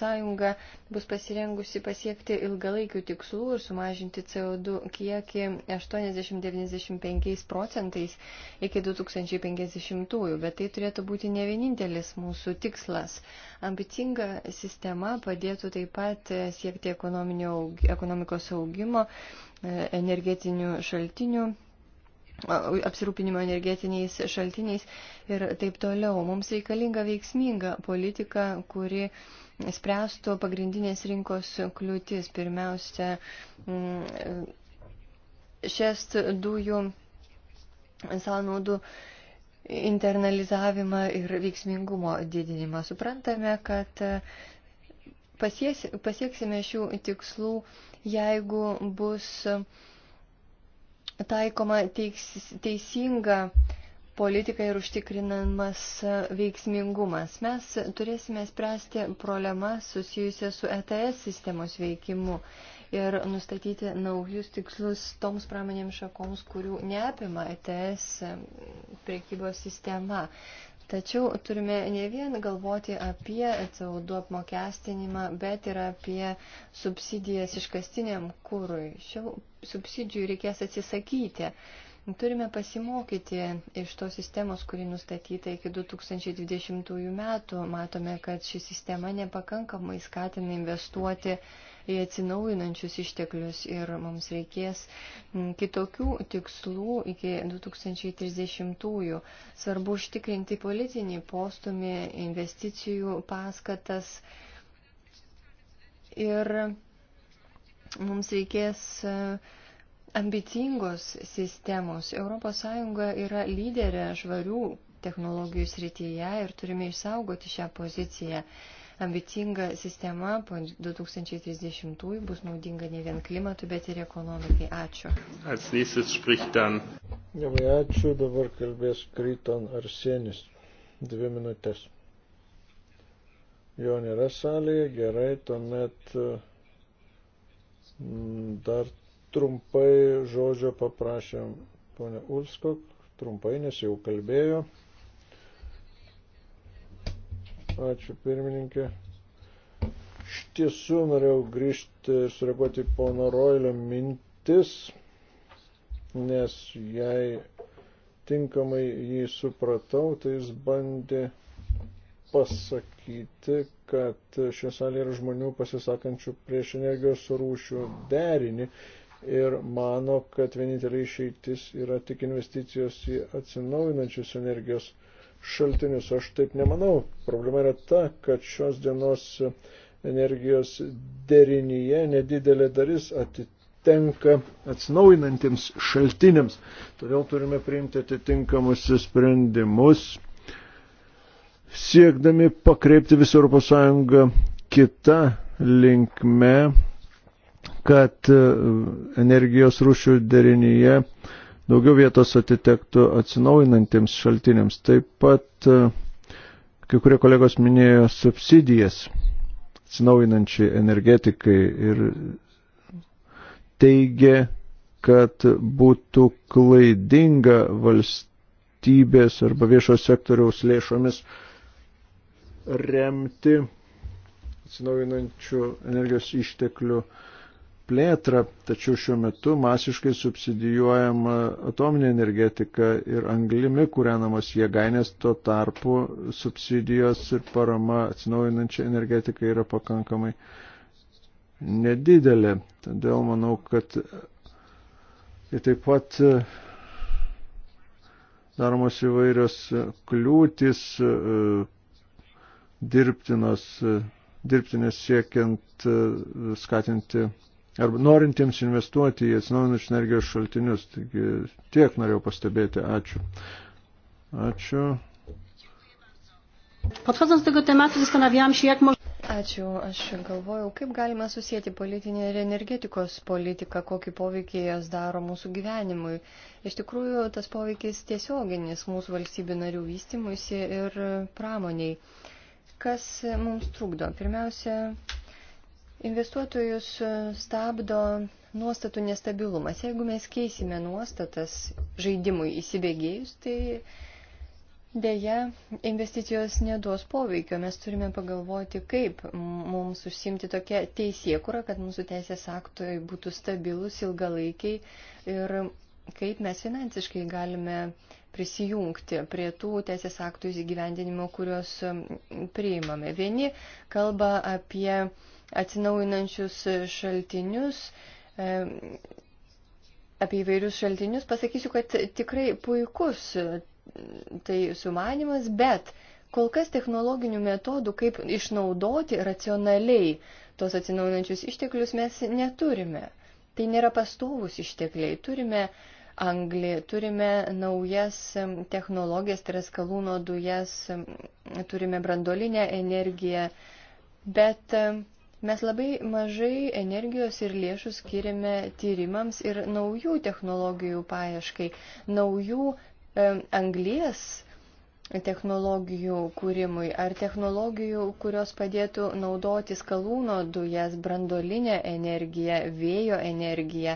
A: bus pasirengusi pasiekti ilgalaikių tikslų ir sumažinti CO2 kiekį 80-95 procentais iki 2050-ųjų, bet tai turėtų būti ne vienintelis mūsų tikslas. Ambicinga sistema padėtų taip pat siekti ekonomikos augimo, e, energetinių šaltinių apsirūpinimo energetiniais šaltiniais ir taip toliau. Mums reikalinga veiksminga politika, kuri spręstų pagrindinės rinkos kliūtis. Pirmiausia, mm, šias dujų sąnaudų internalizavimą ir veiksmingumo didinimą. Suprantame, kad pasies, pasieksime šių tikslų, jeigu bus uh, taikoma teisinga politika ir užtikrinamas veiksmingumas. Mes turėsime spręsti problemas susijusias su ETS sistemos veikimu ir nustatyti naujus tikslus toms pramonėms šakoms, kurių neapima ETS priekybos sistema. Tačiau turime ne vien galvoti apie CO2 apmokestinimą, bet ir apie subsidijas iškastiniam kūrui. Šių subsidijų reikės atsisakyti. Turime pasimokyti iš tos sistemos, kuri nustatyta iki 2020 metų. Matome, kad ši sistema nepakankamai skatina investuoti uh, į atsinaujinančius išteklius ir mums reikės kitokių tikslų iki 2030-ųjų. Svarbu užtikrinti politinį postumį, investicijų paskatas ir mums reikės e, ambicingos sistemos. ES yra lyderė švarių technologijų srityje ir turime išsaugoti šią poziciją ambicinga sistema po 2030 bus naudinga ne vien klimatui, bet ir ekonomikai. Ačiū.
B: Labai ačiū, dabar kalbės Kryton Arsenis. Dvi minutės. Jo nėra salėje, gerai, tuomet mm, dar trumpai žodžio paprašėm ponę Ulskok, trumpai, nes jau kalbėjo. Ačiū pirmininkė. Iš tiesų norėjau grįžti ir sureaguoti pono Roilio mintis, nes jei tinkamai jį supratau, tai jis bandė pasakyti, kad šią salę yra žmonių pasisakančių prieš energijos rūšių derinį ir mano, kad vienintelė išeitis yra tik investicijos į atsinaujinančius energijos rūšių šaltinius. Aš taip nemanau. Problema yra ta, kad šios dienos energijos derinyje nedidelė dalis atitenka atsinaujinantiems šaltiniams. Todėl turime priimti atitinkamus sprendimus, siekdami pakreipti visą ES kitą linkme, kad e, energijos rūšių derinyje uh, daugiau vietos atitektų atsinaujinantiems šaltiniams. Taip pat e, kai kurie kolegos minėjo subsidijas atsinaujinančiai energetikai ir teigė, kad būtų klaidinga valstybės arba viešo sektoriaus lėšomis remti atsinaujinančių energijos išteklių uh, plėtrą, tačiau šiuo metu masiškai subsidijuojama atominė energetika ir anglimi kūrenamos jėgainės, tuo tarpu subsidijos ir parama atsinaujinančia energetika yra pakankamai nedidelė. Todėl manau, kad ir taip pat daromos įvairios kliūtis dirbtinos, dirbtinės siekiant skatinti arba norintiems investuoti į atsinaujinančius energijos šaltinius. Taigi tiek norėjau pastebėti. Ačiū. Ačiū. Podchodząc do tego tematu zastanawiałam się,
A: jak można... Ačiū, aš galvojau, kaip galima susijęti politinę ir energetikos politiką, kokį poveikį jas daro mūsų gyvenimui. Iš tikrųjų, tas poveikis tiesioginis mūsų valstybių narių vystimuisi ir pramoniai. Kas mums trukdo? Pirmiausia, Investuotojus e, stabdo nuostatų nestabilumas. Jeigu mes keisime nuostatas žaidimui įsibėgėjus, tai Deja, investicijos neduos poveikio. Mes turime pagalvoti, kaip mums užsimti tokią teisėkurą, kad mūsų teisės aktai būtų stabilus ilgalaikiai ir kaip mes finansiškai galime prisijungti prie tų teisės aktų įgyvendinimo, kuriuos priimame. Vieni kalba apie atsinaujinančius šaltinius, e, apie įvairius šaltinius, pasakysiu, kad tikrai puikus e, tai sumanimas, bet kol kas technologinių metodų, kaip išnaudoti racionaliai tos atsinaujinančius išteklius mes neturime. Tai nėra pastovus ištekliai. Turime anglį, turime naujas e, technologijas, tai yra skalūno dujas, turime brandolinę energiją, bet Mes labai mažai energijos ir lėšų skiriame tyrimams ir naujų technologijų paieškai, naujų e, anglies technologijų kūrimui ar technologijų, kurios padėtų naudoti skalūno dujas, brandolinę energiją, vėjo energiją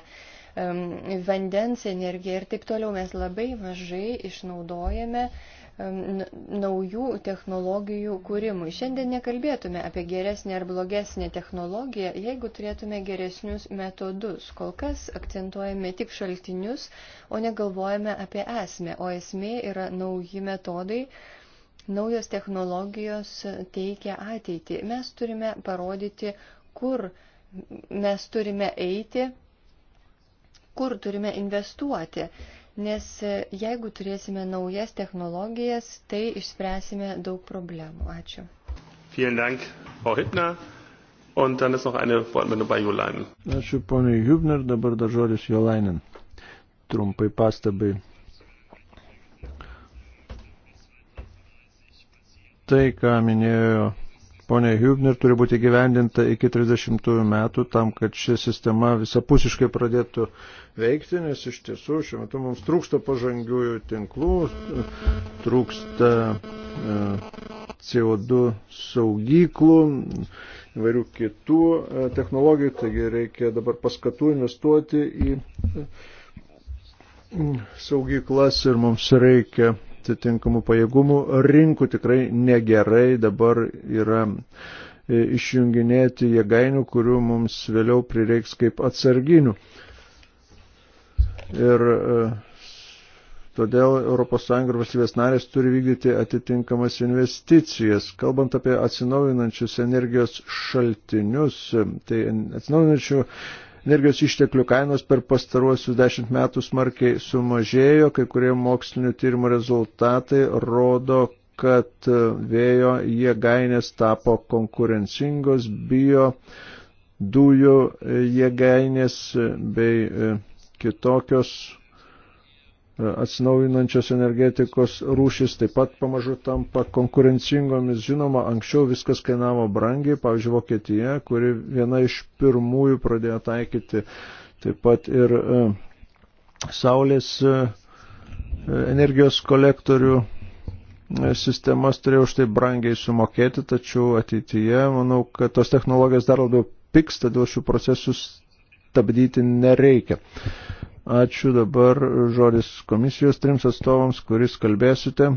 A: vandens energiją ir taip toliau mes labai mažai išnaudojame uh, naujų technologijų kūrimui. Šiandien nekalbėtume apie geresnę ar blogesnę technologiją, jeigu turėtume geresnius metodus. Kol kas akcentuojame tik šaltinius, o negalvojame apie esmę, o esmė yra nauji metodai. Naujos technologijos teikia ateitį. Mes turime parodyti, kur mes turime eiti, kur turime investuoti nes e, jeigu turėsime naujas technologijas, tai išspręsime daug problemų. Ačiū. Vielen Dank, Frau Hübner. Und dann ist noch eine Wortmeldung bei Jolainen.
B: Ačiū, ponai Hübner, dabar dar žodis Jolainen. Trumpai pastabai. Tai, ką minėjo ponė Hübner, turi būti gyvendinta iki 30 metų tam, kad ši sistema visapusiškai pradėtų veikti, nes iš tiesų šiuo metu mums trūksta pažangiųjų tinklų, trūksta e, CO2 saugyklų, įvairių kitų e, technologijų, taigi reikia dabar paskatų investuoti į e, saugyklas ir mums reikia atitinkamų pajėgumų rinkų tikrai negerai dabar yra e, išjunginėti jėgainių, kurių mums vėliau prireiks kaip atsarginių. Ir e, todėl ES ir valstybės narės turi vykdyti atitinkamas investicijas. Kalbant apie atsinaujinančius energijos šaltinius, e, tai atsinaujinančių Energijos išteklių kainos per pastaruosius dešimt metų smarkiai sumažėjo, kai kurie mokslinių tyrimų rezultatai rodo, kad vėjo jėgainės tapo konkurencingos bio dujų jėgainės bei kitokios E, atsinaujinančios energetikos rūšis taip pat pamažu tampa konkurencingomis. Žinoma, anksčiau viskas kainavo brangiai, pavyzdžiui, Vokietija, kuri viena iš pirmųjų pradėjo taikyti taip pat ir e, saulės e, energijos kolektorių sistemas turėjo už tai brangiai sumokėti, tačiau ateityje manau, kad tos technologijos dar labiau piks, todėl šių procesų stabdyti nereikia. Uh, Ačiū dabar žodis komisijos trims atstovams, kuris kalbėsite.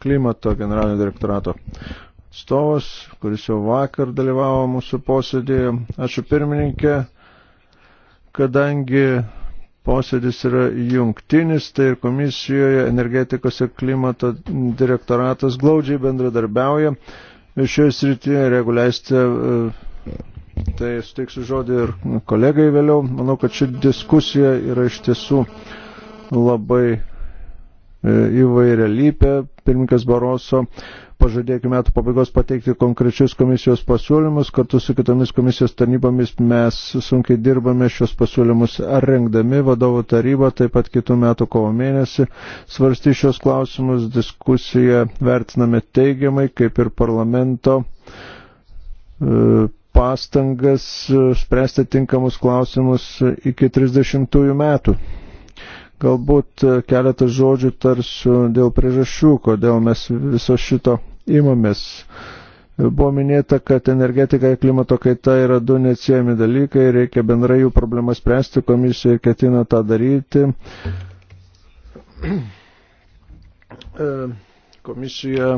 B: Klimato generalinio direktorato atstovas, kuris jau vakar dalyvavo mūsų posėdėje. Ačiū pirmininkė, kadangi posėdis yra jungtinis, tai ir komisijoje energetikos ir klimato direktoratas glaudžiai bendradarbiauja. Šioje srityje, jeigu leisite, tai suteiksiu žodį ir kolegai vėliau. Manau, kad ši diskusija yra iš tiesų labai e, įvairialypė. Pirmininkas Baroso pažadėjo iki metų pabaigos pateikti konkrečius komisijos pasiūlymus. Kartu su kitomis komisijos tarnybomis mes sunkiai dirbame šios pasiūlymus ar rengdami. Vadovo taryba taip pat kitų metų kovo mėnesį svarsti šios klausimus. Diskusiją vertiname teigiamai, kaip ir parlamento e, pastangas e, spręsti tinkamus klausimus iki 30 metų. Galbūt e, keletą žodžių tarsiu dėl priežasčių, kodėl mes viso šito imamės. E, Buvo minėta, kad energetika ir klimato kaita yra du neatsiejami dalykai, reikia bendrai jų problemas spręsti, komisija ketina tą daryti. Komisija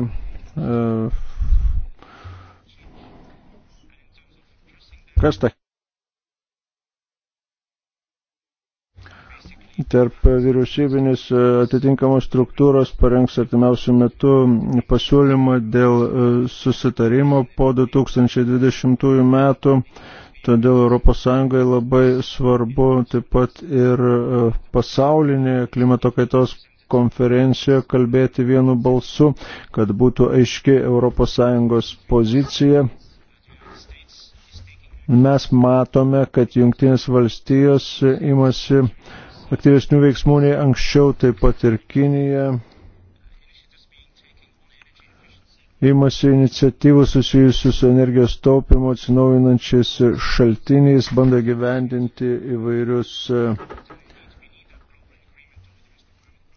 B: Kas tai? Tarp vyriausybinis e, atitinkamos struktūros parengs artimiausių metų pasiūlymą dėl e, susitarimo po 2020 metų. Todėl ES labai svarbu taip pat ir e, pasaulinėje klimato kaitos konferencijoje kalbėti vienu balsu, kad būtų aiški ES pozicija mes matome, kad jungtinės valstijos imasi aktyvesnių veiksmų nei anksčiau, taip pat ir Kinija imasi iniciatyvų susijusių su energijos taupimo atsinaujinančiais šaltiniais, bando gyvendinti įvairius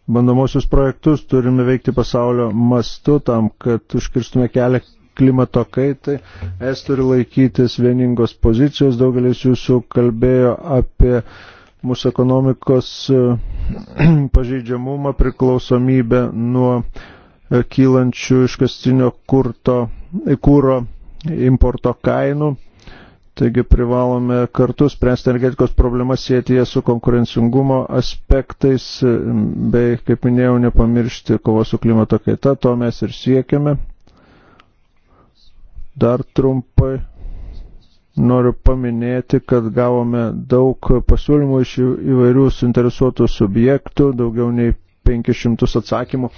B: bandomosius projektus, turime veikti pasaulio mastu tam, kad užkirstume kelią klimato kaitai. Es turi laikytis vieningos pozicijos. Daugelis jūsų kalbėjo apie mūsų ekonomikos eh, pažeidžiamumą, priklausomybę nuo eh, kylančių iškastinio kurto, kūro importo kainų. Taigi privalome kartu spręsti energetikos problemas sėti jas su konkurencingumo aspektais eh, bei, kaip minėjau, nepamiršti kovos su klimato kaita, to mes ir siekiame. Dar trumpai noriu paminėti, kad gavome daug pasiūlymų iš įvairių suinteresuotų subjektų, daugiau nei 500 atsakymų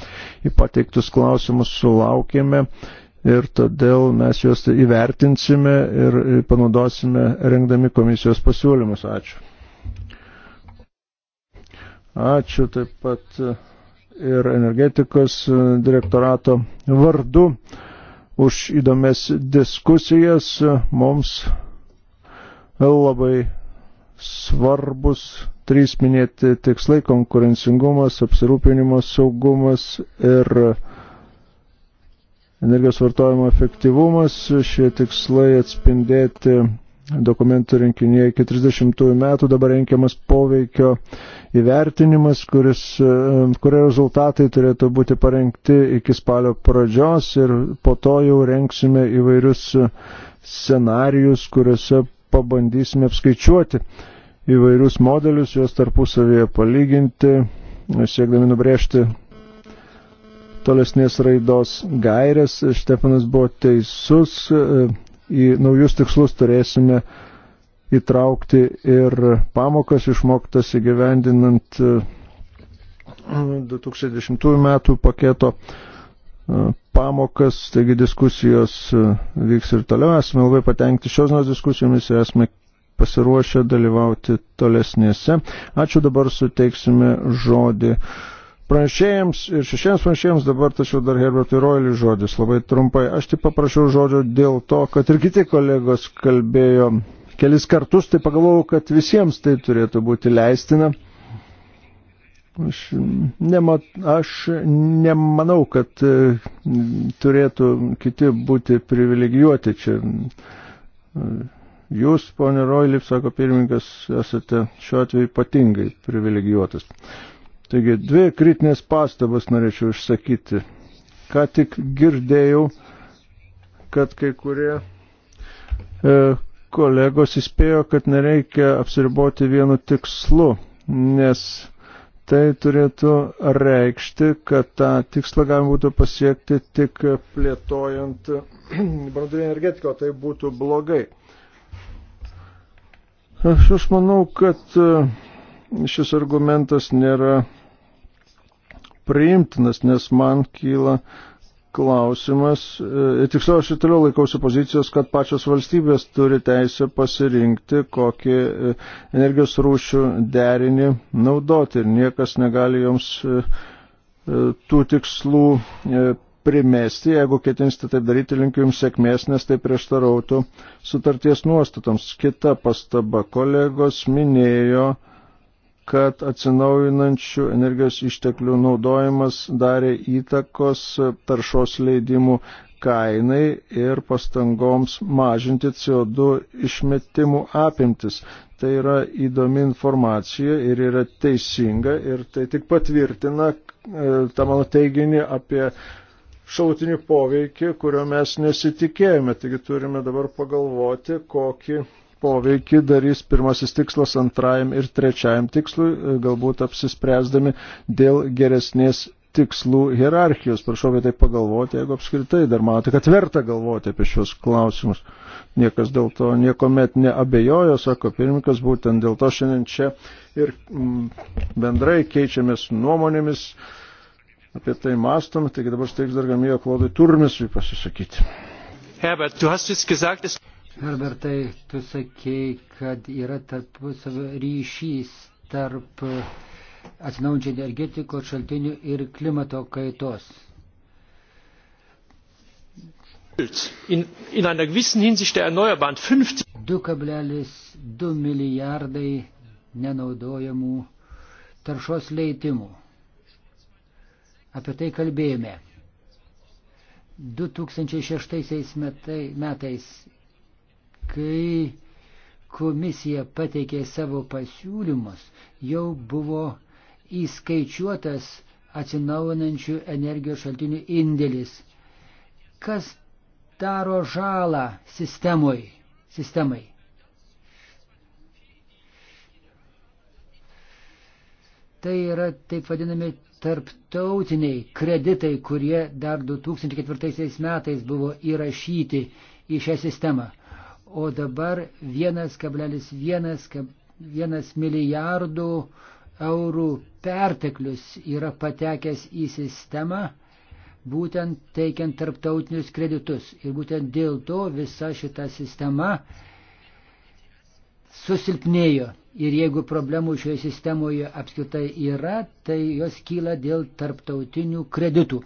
B: į pateiktus klausimus sulaukėme ir todėl mes juos įvertinsime ir panaudosime rengdami komisijos pasiūlymus. Ačiū. Ačiū taip pat ir energetikos direktorato vardu už įdomias diskusijas. Mums labai svarbus trys minėti tikslai - konkurencingumas, apsirūpinimo saugumas ir energijos vartojimo efektyvumas. Šie tikslai atspindėti dokumentų rinkinyje iki 30 metų dabar renkiamas poveikio įvertinimas, kuris, e, kurio rezultatai turėtų būti parengti iki spalio pradžios ir po to jau renksime įvairius e, scenarius, kuriuose pabandysime apskaičiuoti įvairius modelius, juos tarpusavėje palyginti, siekdami nubrėžti tolesnės raidos gairės. Štefanas buvo teisus, e, į naujus tikslus turėsime įtraukti ir pamokas išmoktas įgyvendinant 2010 e, metų paketo e, pamokas, taigi diskusijos e, vyks ir toliau. Esame labai patenkti šios nors diskusijomis ir esame pasiruošę dalyvauti tolesnėse. Ačiū dabar suteiksime žodį pranešėjams ir šešiems pranešėjams dabar tačiau dar Herbertui Roiliui žodis labai trumpai. Aš tik paprašiau žodžio dėl to, kad ir kiti kolegos kalbėjo kelis kartus, tai pagalvojau, kad visiems tai turėtų būti leistina. Aš, nema, aš nemanau, kad e, turėtų kiti būti privilegijuoti čia. E, jūs, ponė Roilip, sako pirmininkas, esate šiuo atveju ypatingai privilegijuotas. Taigi dvi kritinės pastabas norėčiau išsakyti. Ką tik girdėjau, kad kai kurie e, kolegos įspėjo, kad nereikia apsiriboti vienu tikslu, nes tai turėtų reikšti, kad tą tikslą galima būtų pasiekti tik plėtojant branduolinę energetiką, tai būtų blogai. Aš, aš manau, kad e, šis argumentas nėra priimtinas, nes man kyla klausimas, e, tiksliau aš ir toliau laikausi pozicijos, kad pačios valstybės turi teisę pasirinkti, kokį e, energijos rūšių derinį naudoti ir niekas negali joms e, tų tikslų primesti, jeigu ketinsite taip daryti, linkiu jums sėkmės, nes tai prieštarautų sutarties nuostatoms. Kita pastaba, kolegos minėjo, kad atsinaujinančių energijos išteklių naudojimas darė įtakos taršos leidimų kainai ir pastangoms mažinti CO2 išmetimų apimtis. Tai yra įdomi informacija ir yra teisinga ir tai tik patvirtina e, tą mano teiginį apie šautinį poveikį, kurio mes nesitikėjome. Taigi turime dabar pagalvoti, kokį poveikį darys pirmasis tikslas antrajam ir trečiajam tikslui, e, galbūt apsispręsdami dėl geresnės tikslų hierarchijos. Prašau apie tai pagalvoti, jeigu apskritai dar matote, kad verta galvoti apie šios klausimus. Niekas dėl to niekuomet neabejojo, sako pirmininkas, būtent dėl to šiandien čia ir mm, bendrai keičiamės nuomonėmis. Apie tai mastom, taigi dabar steiks dar gamijo klodai turmisui pasisakyti.
C: Herbert, tu hast jetzt gesagt, es... Herbertai, tu sakei, kad yra tarpusavio ryšys tarp atsinaujančio energetikos šaltinių ir klimato kaitos. In, in einer gewissen Hinsicht der Erneuerbaren 50. 2,2 milijardai nenaudojamų taršos leitimų. Apie tai kalbėjome. 2006 metais kai komisija pateikė savo pasiūlymus, jau buvo įskaičiuotas atsinaujinančių energijos šaltinių indėlis. Kas daro žalą sistemui, sistemai? Tai yra taip vadinami tarptautiniai kreditai, kurie dar 2004 metais buvo įrašyti į šią sistemą o dabar 1,1 milijardų eurų perteklius yra patekęs į sistemą, būtent teikiant tarptautinius kreditus. Ir būtent dėl to visa šita sistema susilpnėjo. Ir jeigu problemų šioje sistemoje apskritai yra, tai jos kyla dėl tarptautinių kreditų.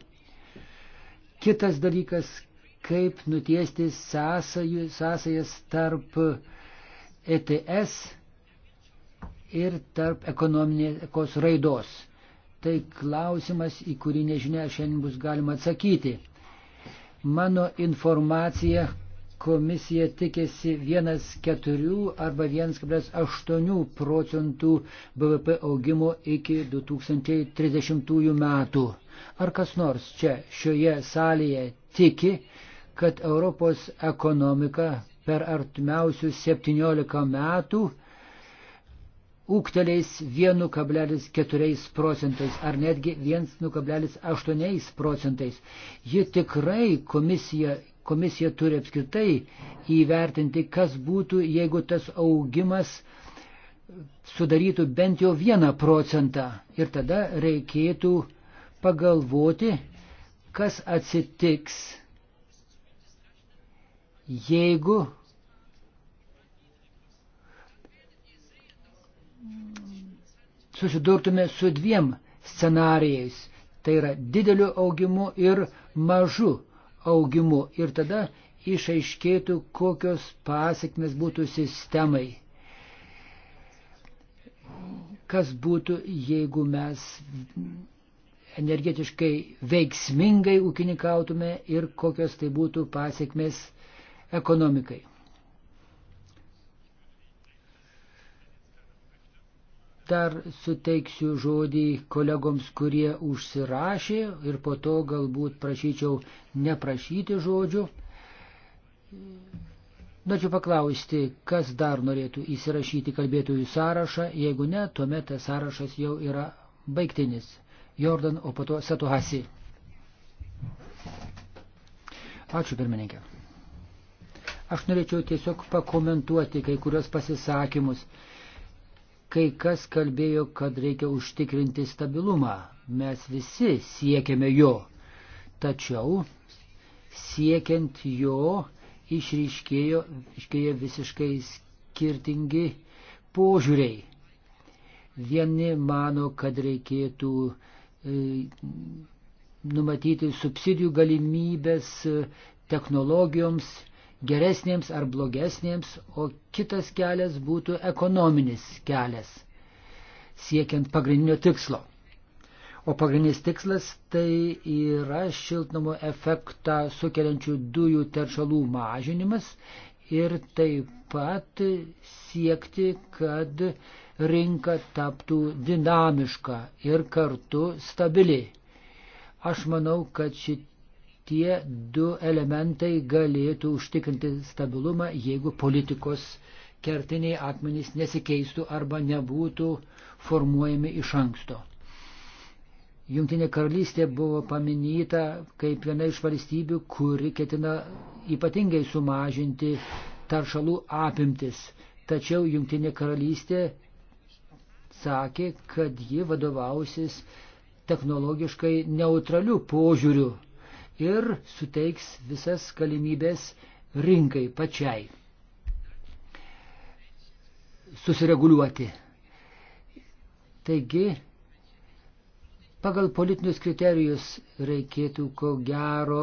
C: Kitas dalykas, kaip nutiesti sąsajų, sąsajas tarp ETS ir tarp ekonominės raidos. Tai klausimas, į kurį nežinia šiandien bus galima atsakyti. Mano informacija komisija tikėsi 1,4 arba 1,8 procentų BVP augimo iki 2030 metų. Ar kas nors čia šioje salėje tiki, kad Europos ekonomika per artimiausius 17 metų ūkteliais 1,4 procentais ar netgi 1,8 procentais. Ji tikrai komisija, komisija turi apskritai įvertinti, kas būtų, jeigu tas augimas sudarytų bent jau 1 procentą. Ir tada reikėtų pagalvoti, kas atsitiks Jeigu susidurtume su dviem scenarijais, tai yra dideliu augimu ir mažu augimu, ir tada išaiškėtų, kokios pasiekmes būtų sistemai. Kas būtų, jeigu mes energetiškai veiksmingai ūkininkautume ir kokios tai būtų pasiekmes ekonomikai. Dar suteiksiu žodį kolegoms, kurie užsirašė ir po to galbūt prašyčiau neprašyti žodžių. Norėčiau paklausti, kas dar norėtų įsirašyti kalbėtojų sąrašą, jeigu ne, tuomet tas sąrašas jau yra baigtinis. Jordan, o po to Satuhasi. Ačiū pirmininkė. Aš norėčiau tiesiog pakomentuoti kai kurios pasisakymus. Kai kas kalbėjo, kad reikia užtikrinti stabilumą. Mes visi siekiame jo. Tačiau siekiant jo išryškėjo, išryškėjo visiškai skirtingi požiūriai. Vieni mano, kad reikėtų e, numatyti subsidijų galimybės e, technologijoms, geresnėms ar blogesnėms, o kitas kelias būtų ekonominis kelias, siekiant pagrindinio tikslo. O pagrindinis tikslas tai yra šiltnamo efektą sukeliančių dujų teršalų mažinimas ir taip pat siekti, kad rinka taptų dinamiška ir kartu stabili. Aš manau, kad šitie tie du elementai galėtų užtikrinti stabilumą, jeigu politikos kertiniai akmenys nesikeistų arba nebūtų formuojami iš anksto. Junktinė karalystė buvo paminėta kaip viena iš valstybių, kuri ketina ypatingai sumažinti taršalų apimtis. Tačiau Junktinė karalystė sakė, kad ji vadovausis technologiškai neutralių požiūrių ir suteiks visas galimybės rinkai pačiai susireguliuoti. Taigi, pagal politinius kriterijus reikėtų ko gero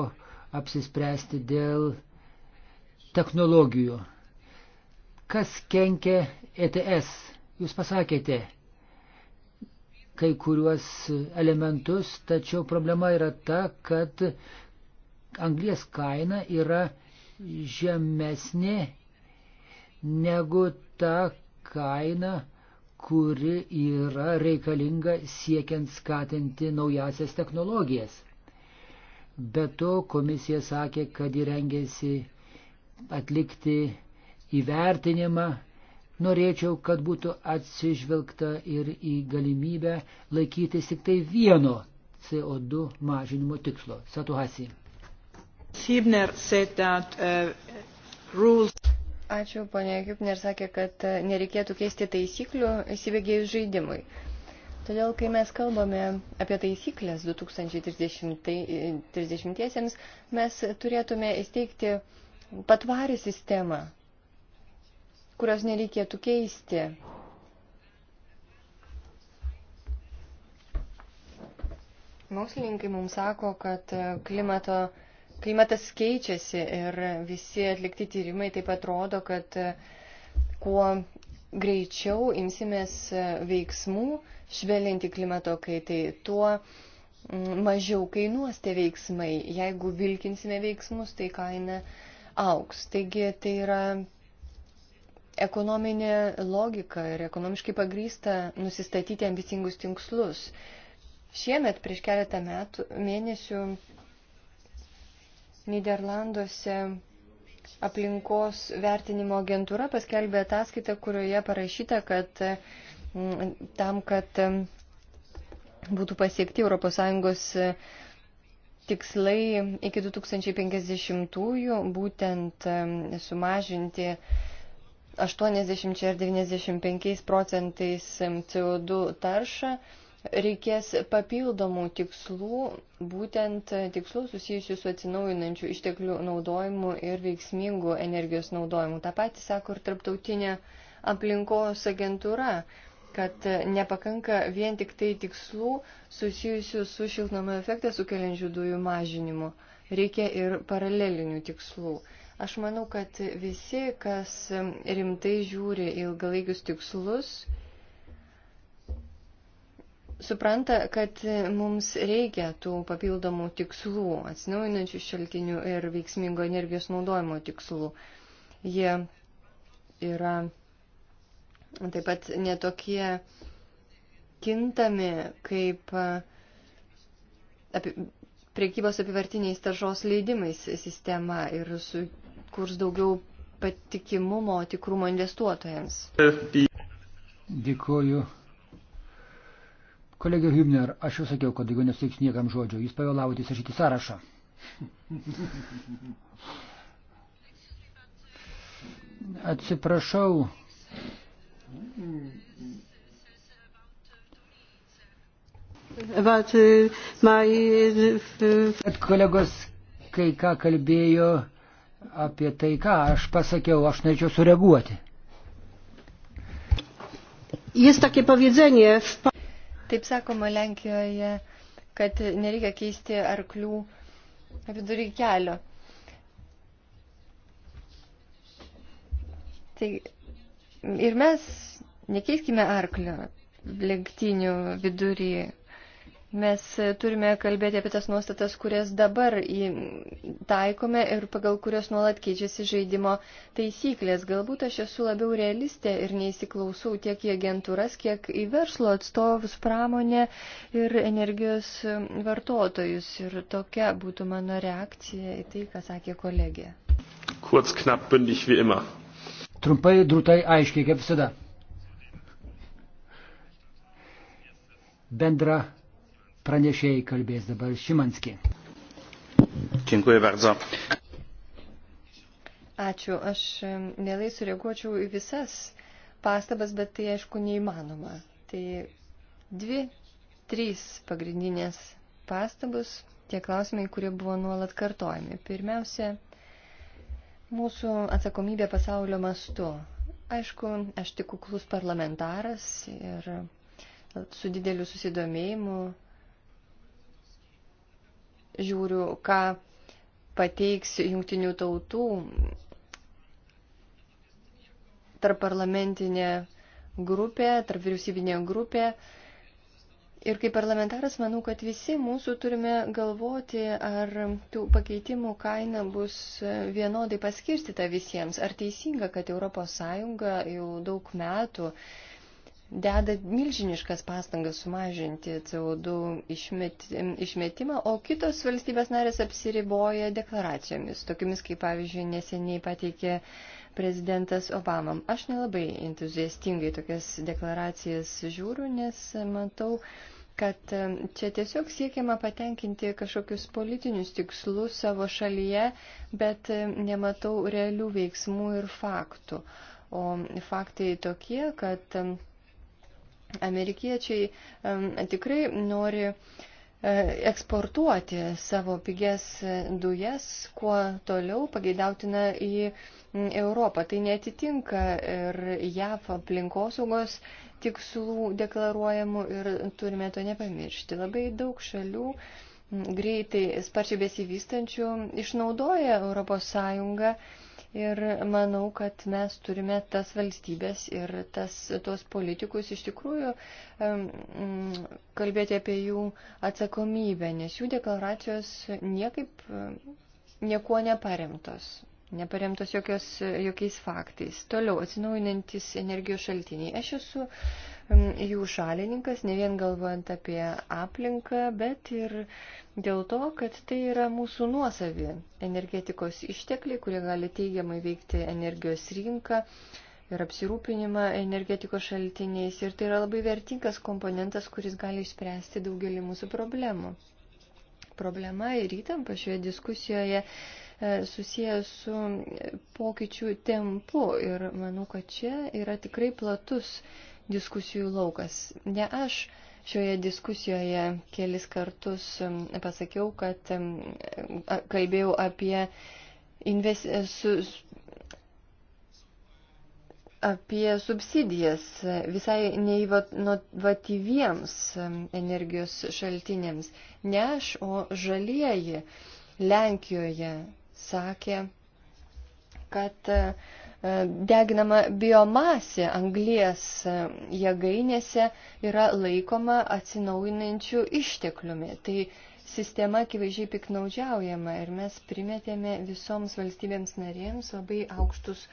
C: apsispręsti dėl technologijų. Kas kenkia ETS? Jūs pasakėte kai kuriuos elementus, tačiau problema yra ta, kad anglės kaina yra žemesnė negu ta kaina, kuri yra reikalinga siekiant skatinti naujasias technologijas. Be to komisija sakė, kad įrengėsi atlikti įvertinimą. Norėčiau, kad būtų atsižvelgta ir į galimybę laikytis tik tai vieno CO2 mažinimo tikslo. Satuhasi.
A: Hibner said that uh, rules. Ačiū, ponė Hibner sakė, kad uh, nereikėtų keisti taisyklių įsibėgėjus žaidimui. Todėl, kai mes kalbame apie taisyklės 2030-iesiems, mes turėtume įsteigti patvarį sistemą, kurios nereikėtų keisti. Mokslininkai mums sako, kad uh, klimato Klimatas keičiasi ir visi atlikti tyrimai taip pat rodo, kad e, kuo greičiau imsimės e, veiksmų švelinti klimato kaitai, tuo mm, mažiau kainuos tie veiksmai. Jeigu vilkinsime veiksmus, tai kaina auks. Taigi tai yra ekonominė logika ir ekonomiškai pagrysta nusistatyti ambicingus tinkslus. Šiemet prieš keletą metų, mėnesių Niderlanduose aplinkos vertinimo agentūra paskelbė ataskaitą, kurioje parašyta, kad mm, tam, kad mm, būtų pasiekti ES tikslai iki 2050-ųjų, būtent mm, sumažinti 80 ar 95 procentais CO2 taršą, reikės papildomų tikslų, būtent tikslų susijusių su atsinaujinančių išteklių naudojimu ir veiksmingų energijos naudojimu. Ta pati sako ir tarptautinė aplinkos agentūra, kad nepakanka vien tik tai tikslų susijusių su šiltnamo efektą sukeliančių dujų mažinimu. Reikia ir paralelinių tikslų. Aš manau, kad visi, kas rimtai žiūri ilgalaikius tikslus, supranta, kad mums reikia tų papildomų tikslų, atsinaujinančių šaltinių ir veiksmingo energijos naudojimo tikslų. Jie yra taip pat netokie kintami kaip apie, priekybos apivartiniais taršos leidimais sistema ir sukurs daugiau patikimumo, tikrumo investuotojams.
C: Dėkuoju Kolegė Hübner, aš jau sakiau, kad jeigu nesuteiks niekam žodžio, jūs pavėlavote įsirašyti sąrašą. Atsiprašau. But, uh, my, uh, kolegos kai ką kalbėjo apie tai, ką aš pasakiau, aš norėčiau sureaguoti.
A: Jest takie powiedzenie w Taip sakoma Lenkijoje, kad nereikia keisti arklių vidurį kelio. Tai ir mes nekeiskime arklio lenktynių vidurį Mes turime kalbėti apie tas nuostatas, kurias dabar taikome ir pagal kurias nuolat keičiasi žaidimo taisyklės. Galbūt aš esu labiau realistė ir neįsiklausau tiek į agentūras, kiek į verslo atstovus, pramonę ir energijos vartotojus. Ir tokia būtų mano
C: reakcija į tai, ką sakė kolegė.
A: Kurz, knap, bündig, wie immer.
C: Trumpai, drūtai, aiškiai, kaip visada. Bendra Pranešėjai kalbės dabar Šimanski. Dziękuję
A: bardzo. Ačiū. Aš mielai sureaguočiau į visas pastabas, bet tai aišku neįmanoma. Tai dvi, trys pagrindinės pastabus, tie klausimai, kurie buvo nuolat kartojami. Pirmiausia, mūsų atsakomybė pasaulio mastu. Aišku, aš tik kuklus parlamentaras ir su dideliu susidomėjimu žiūriu, ką pateiks jungtinių tautų tarp parlamentinė grupė, tarp vyriausybinė grupė. Ir kaip parlamentaras manau, kad visi mūsų turime galvoti, ar tų pakeitimų kaina bus vienodai paskirstyta visiems. Ar teisinga, kad ES jau daug metų deda milžiniškas pastangas sumažinti CO2 išmet, išmetimą, o kitos valstybės narės apsiriboja deklaracijomis, tokiamis kaip pavyzdžiui neseniai pateikė prezidentas Obama. Aš nelabai entuziastingai tokias deklaracijas žiūriu, nes matau, kad čia tiesiog siekiama patenkinti kažkokius politinius tikslus savo šalyje, bet nematau realių veiksmų ir faktų. O faktai tokie, kad Amerikiečiai tikrai nori e, eksportuoti savo pigias dujas kuo toliau pageidautina į Europą. Tai netitinka ir JAF aplinkosaugos tikslų deklaruojamų ir turime to nepamiršti. Labai daug šalių greitai sparčiai besivystančių išnaudoja ES Ir manau, kad mes turime tas valstybės ir tas, tos politikus iš tikrųjų kalbėti apie jų atsakomybę, nes jų deklaracijos niekaip niekuo neparemtos neparemtos jokios, jokiais faktais. Toliau, atsinaujinantis energijos šaltiniai. Aš esu jų šalininkas, ne vien galvojant apie aplinką, bet ir dėl to, kad tai yra mūsų nuosavi energetikos ištekliai, kurie gali teigiamai veikti energijos rinką ir apsirūpinimą energetikos šaltiniais. Ir tai yra labai vertingas komponentas, kuris gali išspręsti daugelį mūsų problemų. Problema ir įtampa šioje diskusijoje e, susijęs su pokyčių tempu ir manau, kad čia yra tikrai platus diskusijų laukas. Ne aš šioje diskusijoje kelis kartus um, pasakiau, kad um, kalbėjau apie, investi... su... apie subsidijas visai neįvanotyviems um, energijos šaltiniams. Ne aš, o žalieji Lenkijoje sakė, kad E, deginama biomasė anglies e, jėgainėse yra laikoma atsinaujinančių ištekliumi. Tai sistema akivaizdžiai piknaudžiaujama ir mes primetėme visoms valstybėms narėms labai aukštus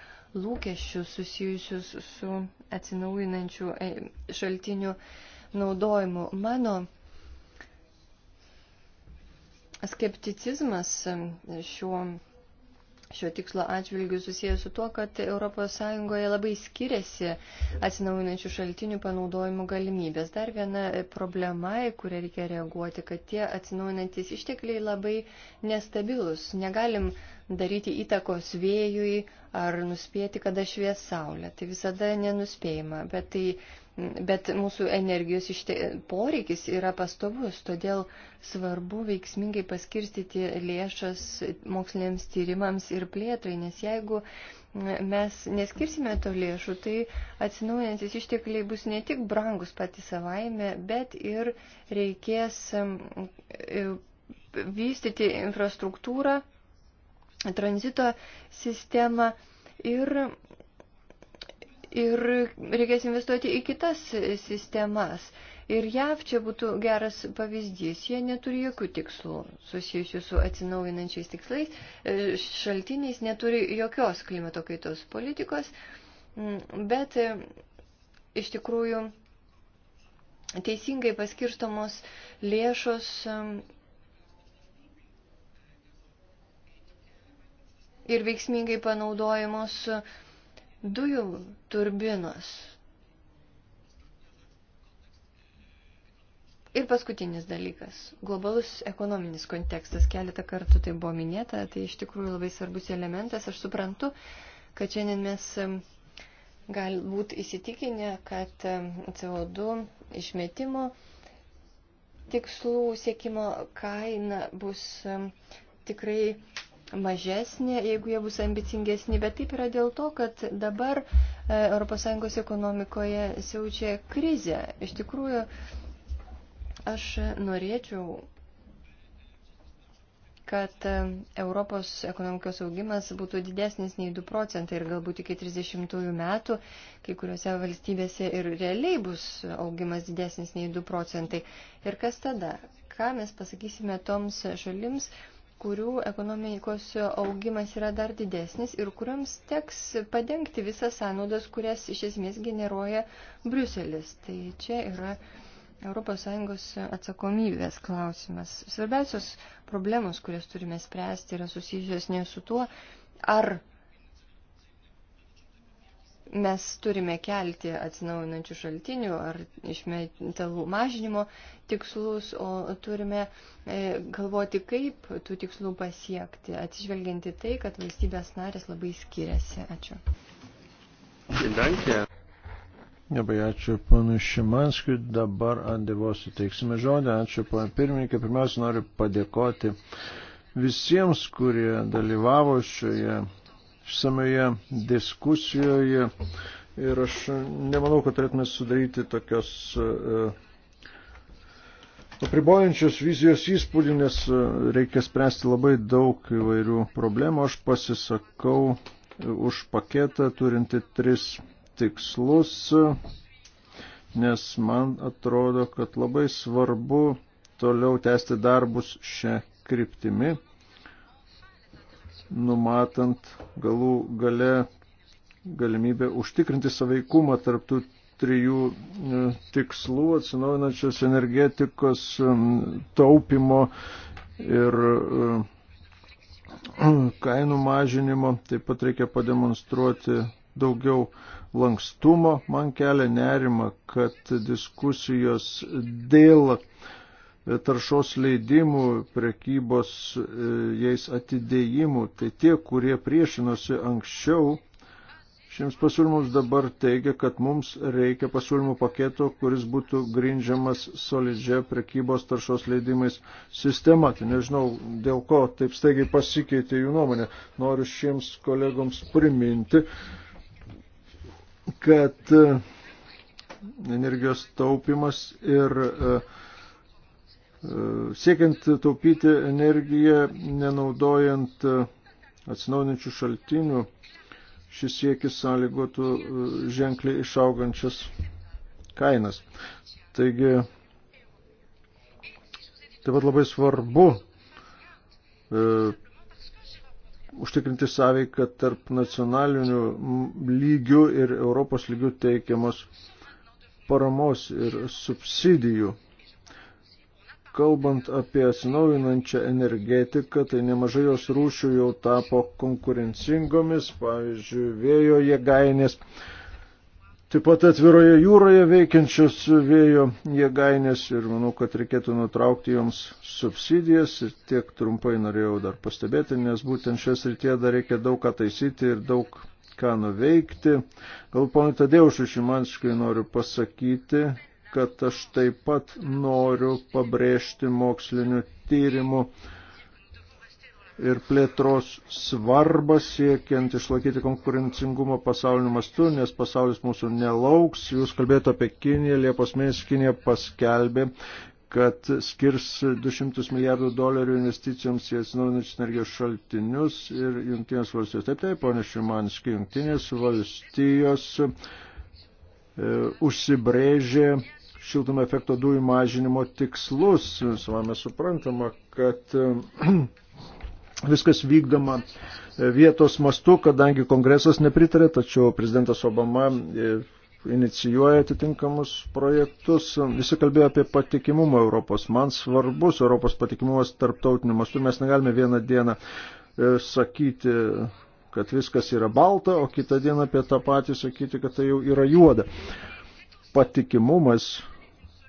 A: lūkesčius susijusius su atsinaujinančių e, šaltinių naudojimu. Mano skepticizmas šiuo šio tikslo atžvilgių susijęs su tuo, kad ES labai skiriasi atsinaujinančių šaltinių panaudojimų galimybės. Dar viena problema, į kurią reikia reaguoti, kad tie atsinaujinantis ištekliai labai nestabilus. Negalim daryti įtakos vėjui ar nuspėti, kada švies saulė. Tai visada nenuspėjama, bet tai bet mūsų energijos ište... poreikis yra pastovus, todėl svarbu veiksmingai paskirstyti lėšas moksliniams tyrimams ir plėtrai, nes jeigu mes neskirsime to lėšų, tai atsinaujantis ištekliai bus ne tik brangus patys savaime, bet ir reikės e, vystyti infrastruktūrą, tranzito sistemą ir ir reikės investuoti į kitas sistemas. Ir JAV čia būtų geras pavyzdys, jie neturi jokių tikslų susijusių su atsinaujinančiais tikslais, e, šaltiniais neturi jokios klimato kaitos politikos, mm, bet e, iš tikrųjų teisingai paskirstomos lėšos e, ir veiksmingai panaudojamos uh, dujų turbinos. Ir paskutinis dalykas - globalus ekonominis kontekstas. Keletą kartų tai buvo minėta, tai iš tikrųjų labai svarbus elementas. Aš suprantu, kad šiandien mes galbūt įsitikinę, kad CO2 išmetimo tikslų siekimo kaina bus tikrai mažesnė, jeigu jie bus ambicingesni, bet taip yra dėl to, kad dabar e, ES ekonomikoje siaučia krizė. Iš tikrųjų, aš norėčiau, kad e, Europos ekonomikos augimas būtų didesnis nei 2 procentai ir galbūt iki 30 metų kai kuriuose valstybėse ir realiai bus augimas didesnis nei 2 procentai. Ir kas tada? Ką mes pasakysime toms šalims, kurių ekonomikos augimas yra dar didesnis ir kuriams teks padengti visas sąnaudas, kurias iš esmės generuoja Bruselis. Tai čia yra ES atsakomybės klausimas. Svarbiausios problemos, kurias turime spręsti, yra susijusios ne su tuo, ar mes turime kelti atsinaujinančių šaltinių ar išmetalų mažinimo tikslus, o turime e, galvoti, kaip tų tikslų pasiekti, atsižvelgianti tai, kad valstybės narės labai skiriasi. Ačiū.
B: Labai ačiū ponui Šimanskui. Dabar Andėvos suteiksime žodį. Ačiū ponui pirmininkai. Pirmiausia, noriu padėkoti visiems, kurie dalyvavo šioje išsamioje diskusijoje ir aš nemanau, kad turėtume sudaryti tokios e, apribojančios vizijos įspūdį, nes e, reikia spręsti labai daug įvairių problemų. Aš pasisakau už paketą turinti tris tikslus, nes man atrodo, kad labai svarbu toliau tęsti darbus šią kryptimį numatant galų gale galimybę užtikrinti saveikumą tarptų trijų e, tikslų atsinaujinančios energetikos e, taupimo ir e, kainų mažinimo. Taip pat reikia pademonstruoti daugiau lankstumo. Man kelia nerima, kad diskusijos dėl uh, taršos leidimų, prekybos e, jais atidėjimų. Tai tie, kurie priešinosi anksčiau, šiems pasiūlymams dabar teigia, kad mums reikia pasiūlymų paketo, kuris būtų grindžiamas solidžia prekybos taršos leidimais sistema. Tai nežinau, dėl ko taip staigiai pasikeitė jų nuomonė. Noriu šiems kolegoms priminti, kad e, energijos taupimas ir uh, Siekiant taupyti energiją, nenaudojant e, atsinaujinančių šaltinių, šis siekis sąlygotų e, ženkliai išaugančias kainas. Taigi, taip pat labai svarbu e, užtikrinti sąveiką tarp nacionalinių lygių ir Europos lygių teikiamos paramos ir subsidijų. Kalbant apie atsinaujinančią energetiką, tai nemažai jos rūšių jau tapo konkurencingomis, pavyzdžiui, vėjo jėgainės. Taip pat atviroje jūroje veikiančios vėjo jėgainės ir manau, kad reikėtų nutraukti joms subsidijas ir tiek trumpai norėjau dar pastebėti, nes būtent šias rytie dar reikia daug ką taisyti ir daug ką nuveikti. Gal ponui Tadeušui Šimanskiui noriu pasakyti, kad aš taip pat noriu pabrėžti mokslinių tyrimų ir plėtros svarbą siekiant išlaikyti konkurencingumą pasaulio mastu, nes pasaulis mūsų nelauks. Jūs kalbėjote apie Kiniją, Liepos mėnesį Kinija paskelbė, kad skirs 200 milijardų dolerių investicijoms į atsinaujinančius energijos šaltinius ir jungtinės valstijos. Taip, taip, ponė Šimanski, jungtinės valstijos e, užsibrėžė šiltumo efekto dujų mažinimo tikslus. Savame suprantama, kad viskas vykdoma vietos mastu, kadangi kongresas nepritarė, tačiau prezidentas Obama e, inicijuoja atitinkamus projektus. Visi kalbėjo apie patikimumą Europos. Man svarbus Europos patikimumas tarptautiniu mastu. Mes negalime vieną dieną e, sakyti, kad viskas yra balta, o kitą dieną apie tą patį sakyti, kad tai jau yra juoda patikimumas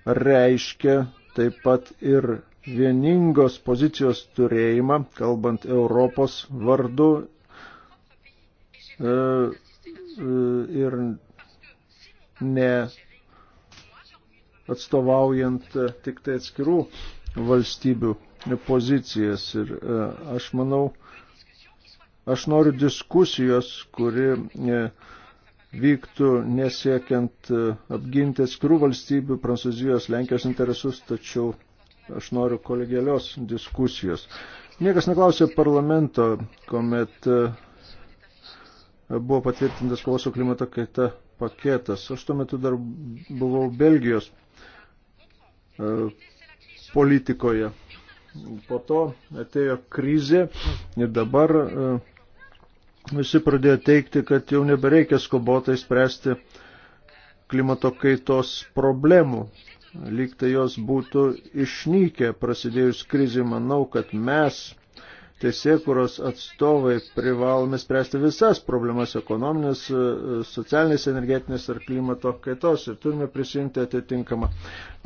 B: reiškia taip pat ir vieningos pozicijos turėjimą, kalbant Europos vardu e, e, ir ne atstovaujant tik tai atskirų valstybių pozicijas. Ir e, aš manau, aš noriu diskusijos, kuri vyktų nesiekiant e, apginti skrų valstybių, Prancūzijos, Lenkijos interesus, tačiau aš noriu kolegialios diskusijos. Niekas neklausė parlamento, kuomet e, buvo patvirtintas kovos su klimato kaita paketas. Aš tuo metu dar buvau Belgijos e, politikoje. Po to atėjo krizė ir dabar visi pradėjo teikti, kad jau nebereikia skubotai spręsti klimato kaitos problemų. Lyg tai jos būtų išnykę prasidėjus krizį, manau, kad mes teisėkuros atstovai privalome spręsti visas problemas ekonominės, e, socialinės, energetinės ar klimato kaitos ir turime prisimti atitinkamą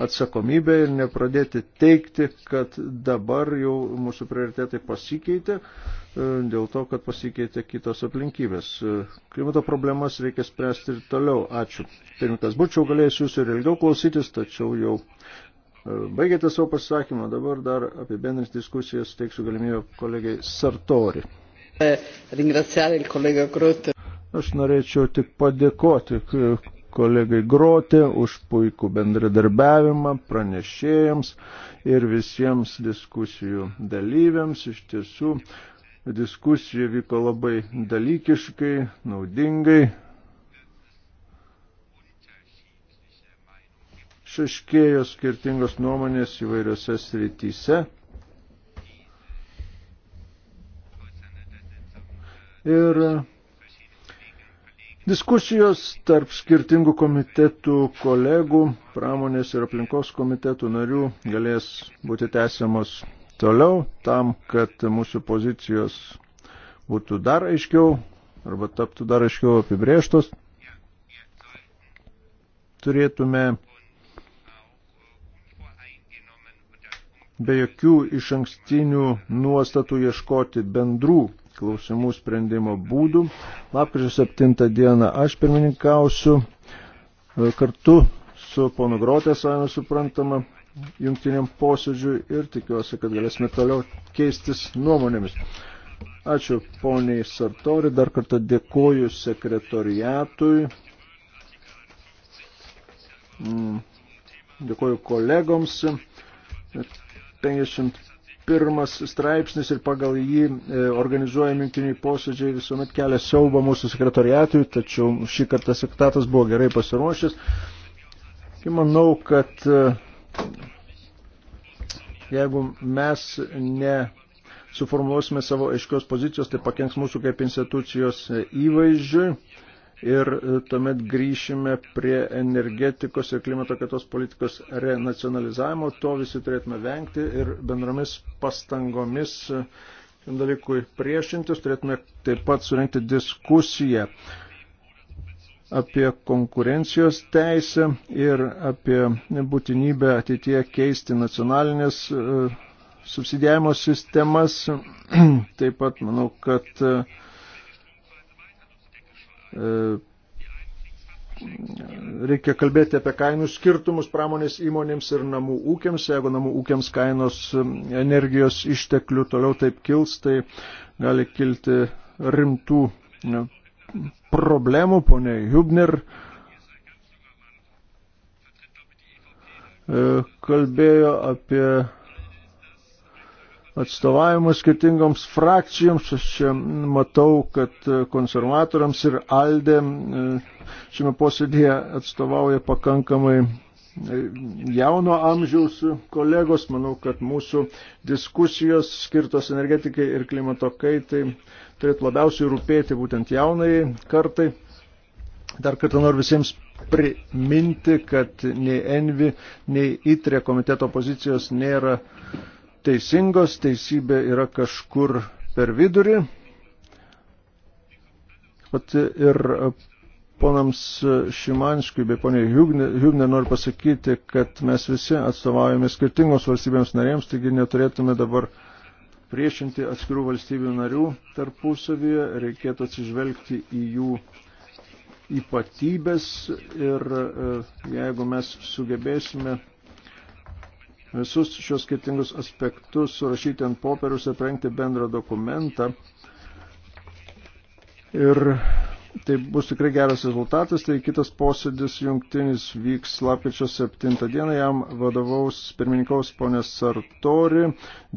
B: atsakomybę ir nepradėti teikti, kad dabar jau mūsų prioritetai pasikeitė e, dėl to, kad pasikeitė kitos aplinkybės. E, klimato problemas reikia spręsti ir toliau. Ačiū. Pirmininkas, būčiau galėjęs jūsų ir ilgiau klausytis, tačiau jau E, baigėte savo pasisakymą, dabar dar apibendrins diskusijas teiksiu galimybę kolegai Sartori. E, Aš norėčiau tik padėkoti kolegai Groti už puikų bendradarbiavimą, pranešėjams ir visiems diskusijų dalyviams. Iš tiesų, diskusija vyko labai dalykiškai, naudingai, šeškėjo skirtingos nuomonės įvairiose srityse. Ir diskusijos tarp skirtingų komitetų kolegų, pramonės ir aplinkos komitetų narių galės būti tęsiamos toliau, tam, kad mūsų pozicijos būtų dar aiškiau arba taptų dar aiškiau apibrėžtos. Turėtume be jokių iš ankstinių nuostatų ieškoti bendrų klausimų sprendimo būdų. Lapkričio 7 dieną aš pirmininkausiu e, kartu su ponu Grotė, savame suprantama, jungtiniam posėdžiui ir tikiuosi, kad galėsime toliau keistis nuomonėmis. Ačiū poniai Sartori, dar kartą dėkoju sekretoriatui, mm, dėkoju kolegoms, 51 straipsnis ir pagal jį e, organizuojami jungtiniai posėdžiai visuomet kelia siaubą mūsų sekretoriatui, tačiau šį kartą sektatas buvo gerai pasiruošęs. Tai manau, kad e, jeigu mes ne suformuosime savo aiškios pozicijos, tai pakenks mūsų kaip institucijos e, įvaizdžiui ir e, tuomet grįšime prie energetikos ir klimato kaitos politikos renacionalizavimo. To visi turėtume vengti ir bendromis pastangomis e, šiam dalykui priešintis turėtume taip pat surenkti diskusiją apie konkurencijos teisę ir apie būtinybę ateitie keisti nacionalinės e, subsidijavimo sistemas. Taip pat manau, kad E, reikia kalbėti apie kainų skirtumus pramonės įmonėms ir namų ūkiams. Jeigu namų ūkiams kainos energijos išteklių toliau taip kils, tai gali kilti rimtų problemų. Pone Hubner e, kalbėjo apie atstovavimas skirtingoms frakcijoms. Aš čia matau, kad konservatoriams ir Aldė e, šiame posėdėje atstovauja pakankamai e, jauno amžiaus kolegos. Manau, kad mūsų diskusijos skirtos energetikai ir klimato kaitai turėtų labiausiai rūpėti būtent jaunai kartai. Dar kartą noriu visiems priminti, kad nei Envi, nei ITRE komiteto pozicijos nėra uh, teisingos, teisybė yra kažkur per vidurį. Pat ir ponams Šimanskui bei poniai Hübner noriu pasakyti, kad mes visi atstovaujame skirtingoms valstybėms narėms, taigi neturėtume dabar priešinti atskirų valstybių narių tarpusavyje, reikėtų atsižvelgti į jų ypatybės ir e, jeigu mes sugebėsime visus šios skirtingus aspektus surašyti ant popieriaus ir prengti bendrą dokumentą. Ir tai bus tikrai geras rezultatas, tai kitas posėdis jungtinis vyks lapkričio 7 dieną, jam vadovaus pirmininkaus ponės Sartori,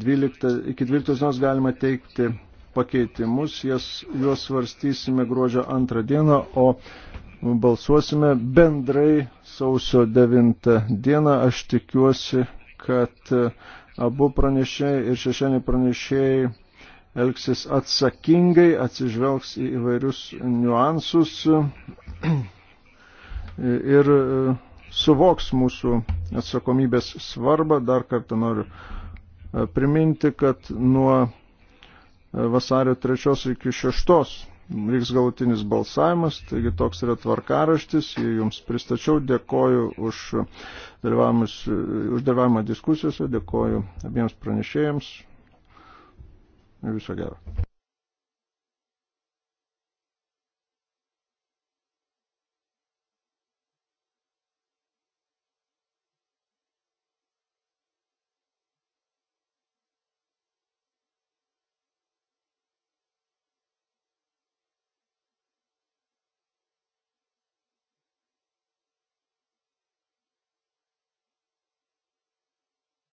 B: 12, iki 12 dienos galima teikti pakeitimus, jas, juos svarstysime gruodžio 2 dieną, o balsuosime bendrai sausio 9 dieną, aš tikiuosi kad e, abu pranešėjai ir šešėniai pranešėjai elgsis atsakingai, atsižvelgs į įvairius niuansus e, ir e, suvoks mūsų atsakomybės svarbą. Dar kartą noriu priminti, kad nuo vasario 3 iki 6 vyks galutinis balsavimas, taigi toks yra tvarkaraštis, jį jums pristačiau, dėkoju už, už dalyvavimą diskusijose, dėkoju abiems pranešėjams ir viso gero.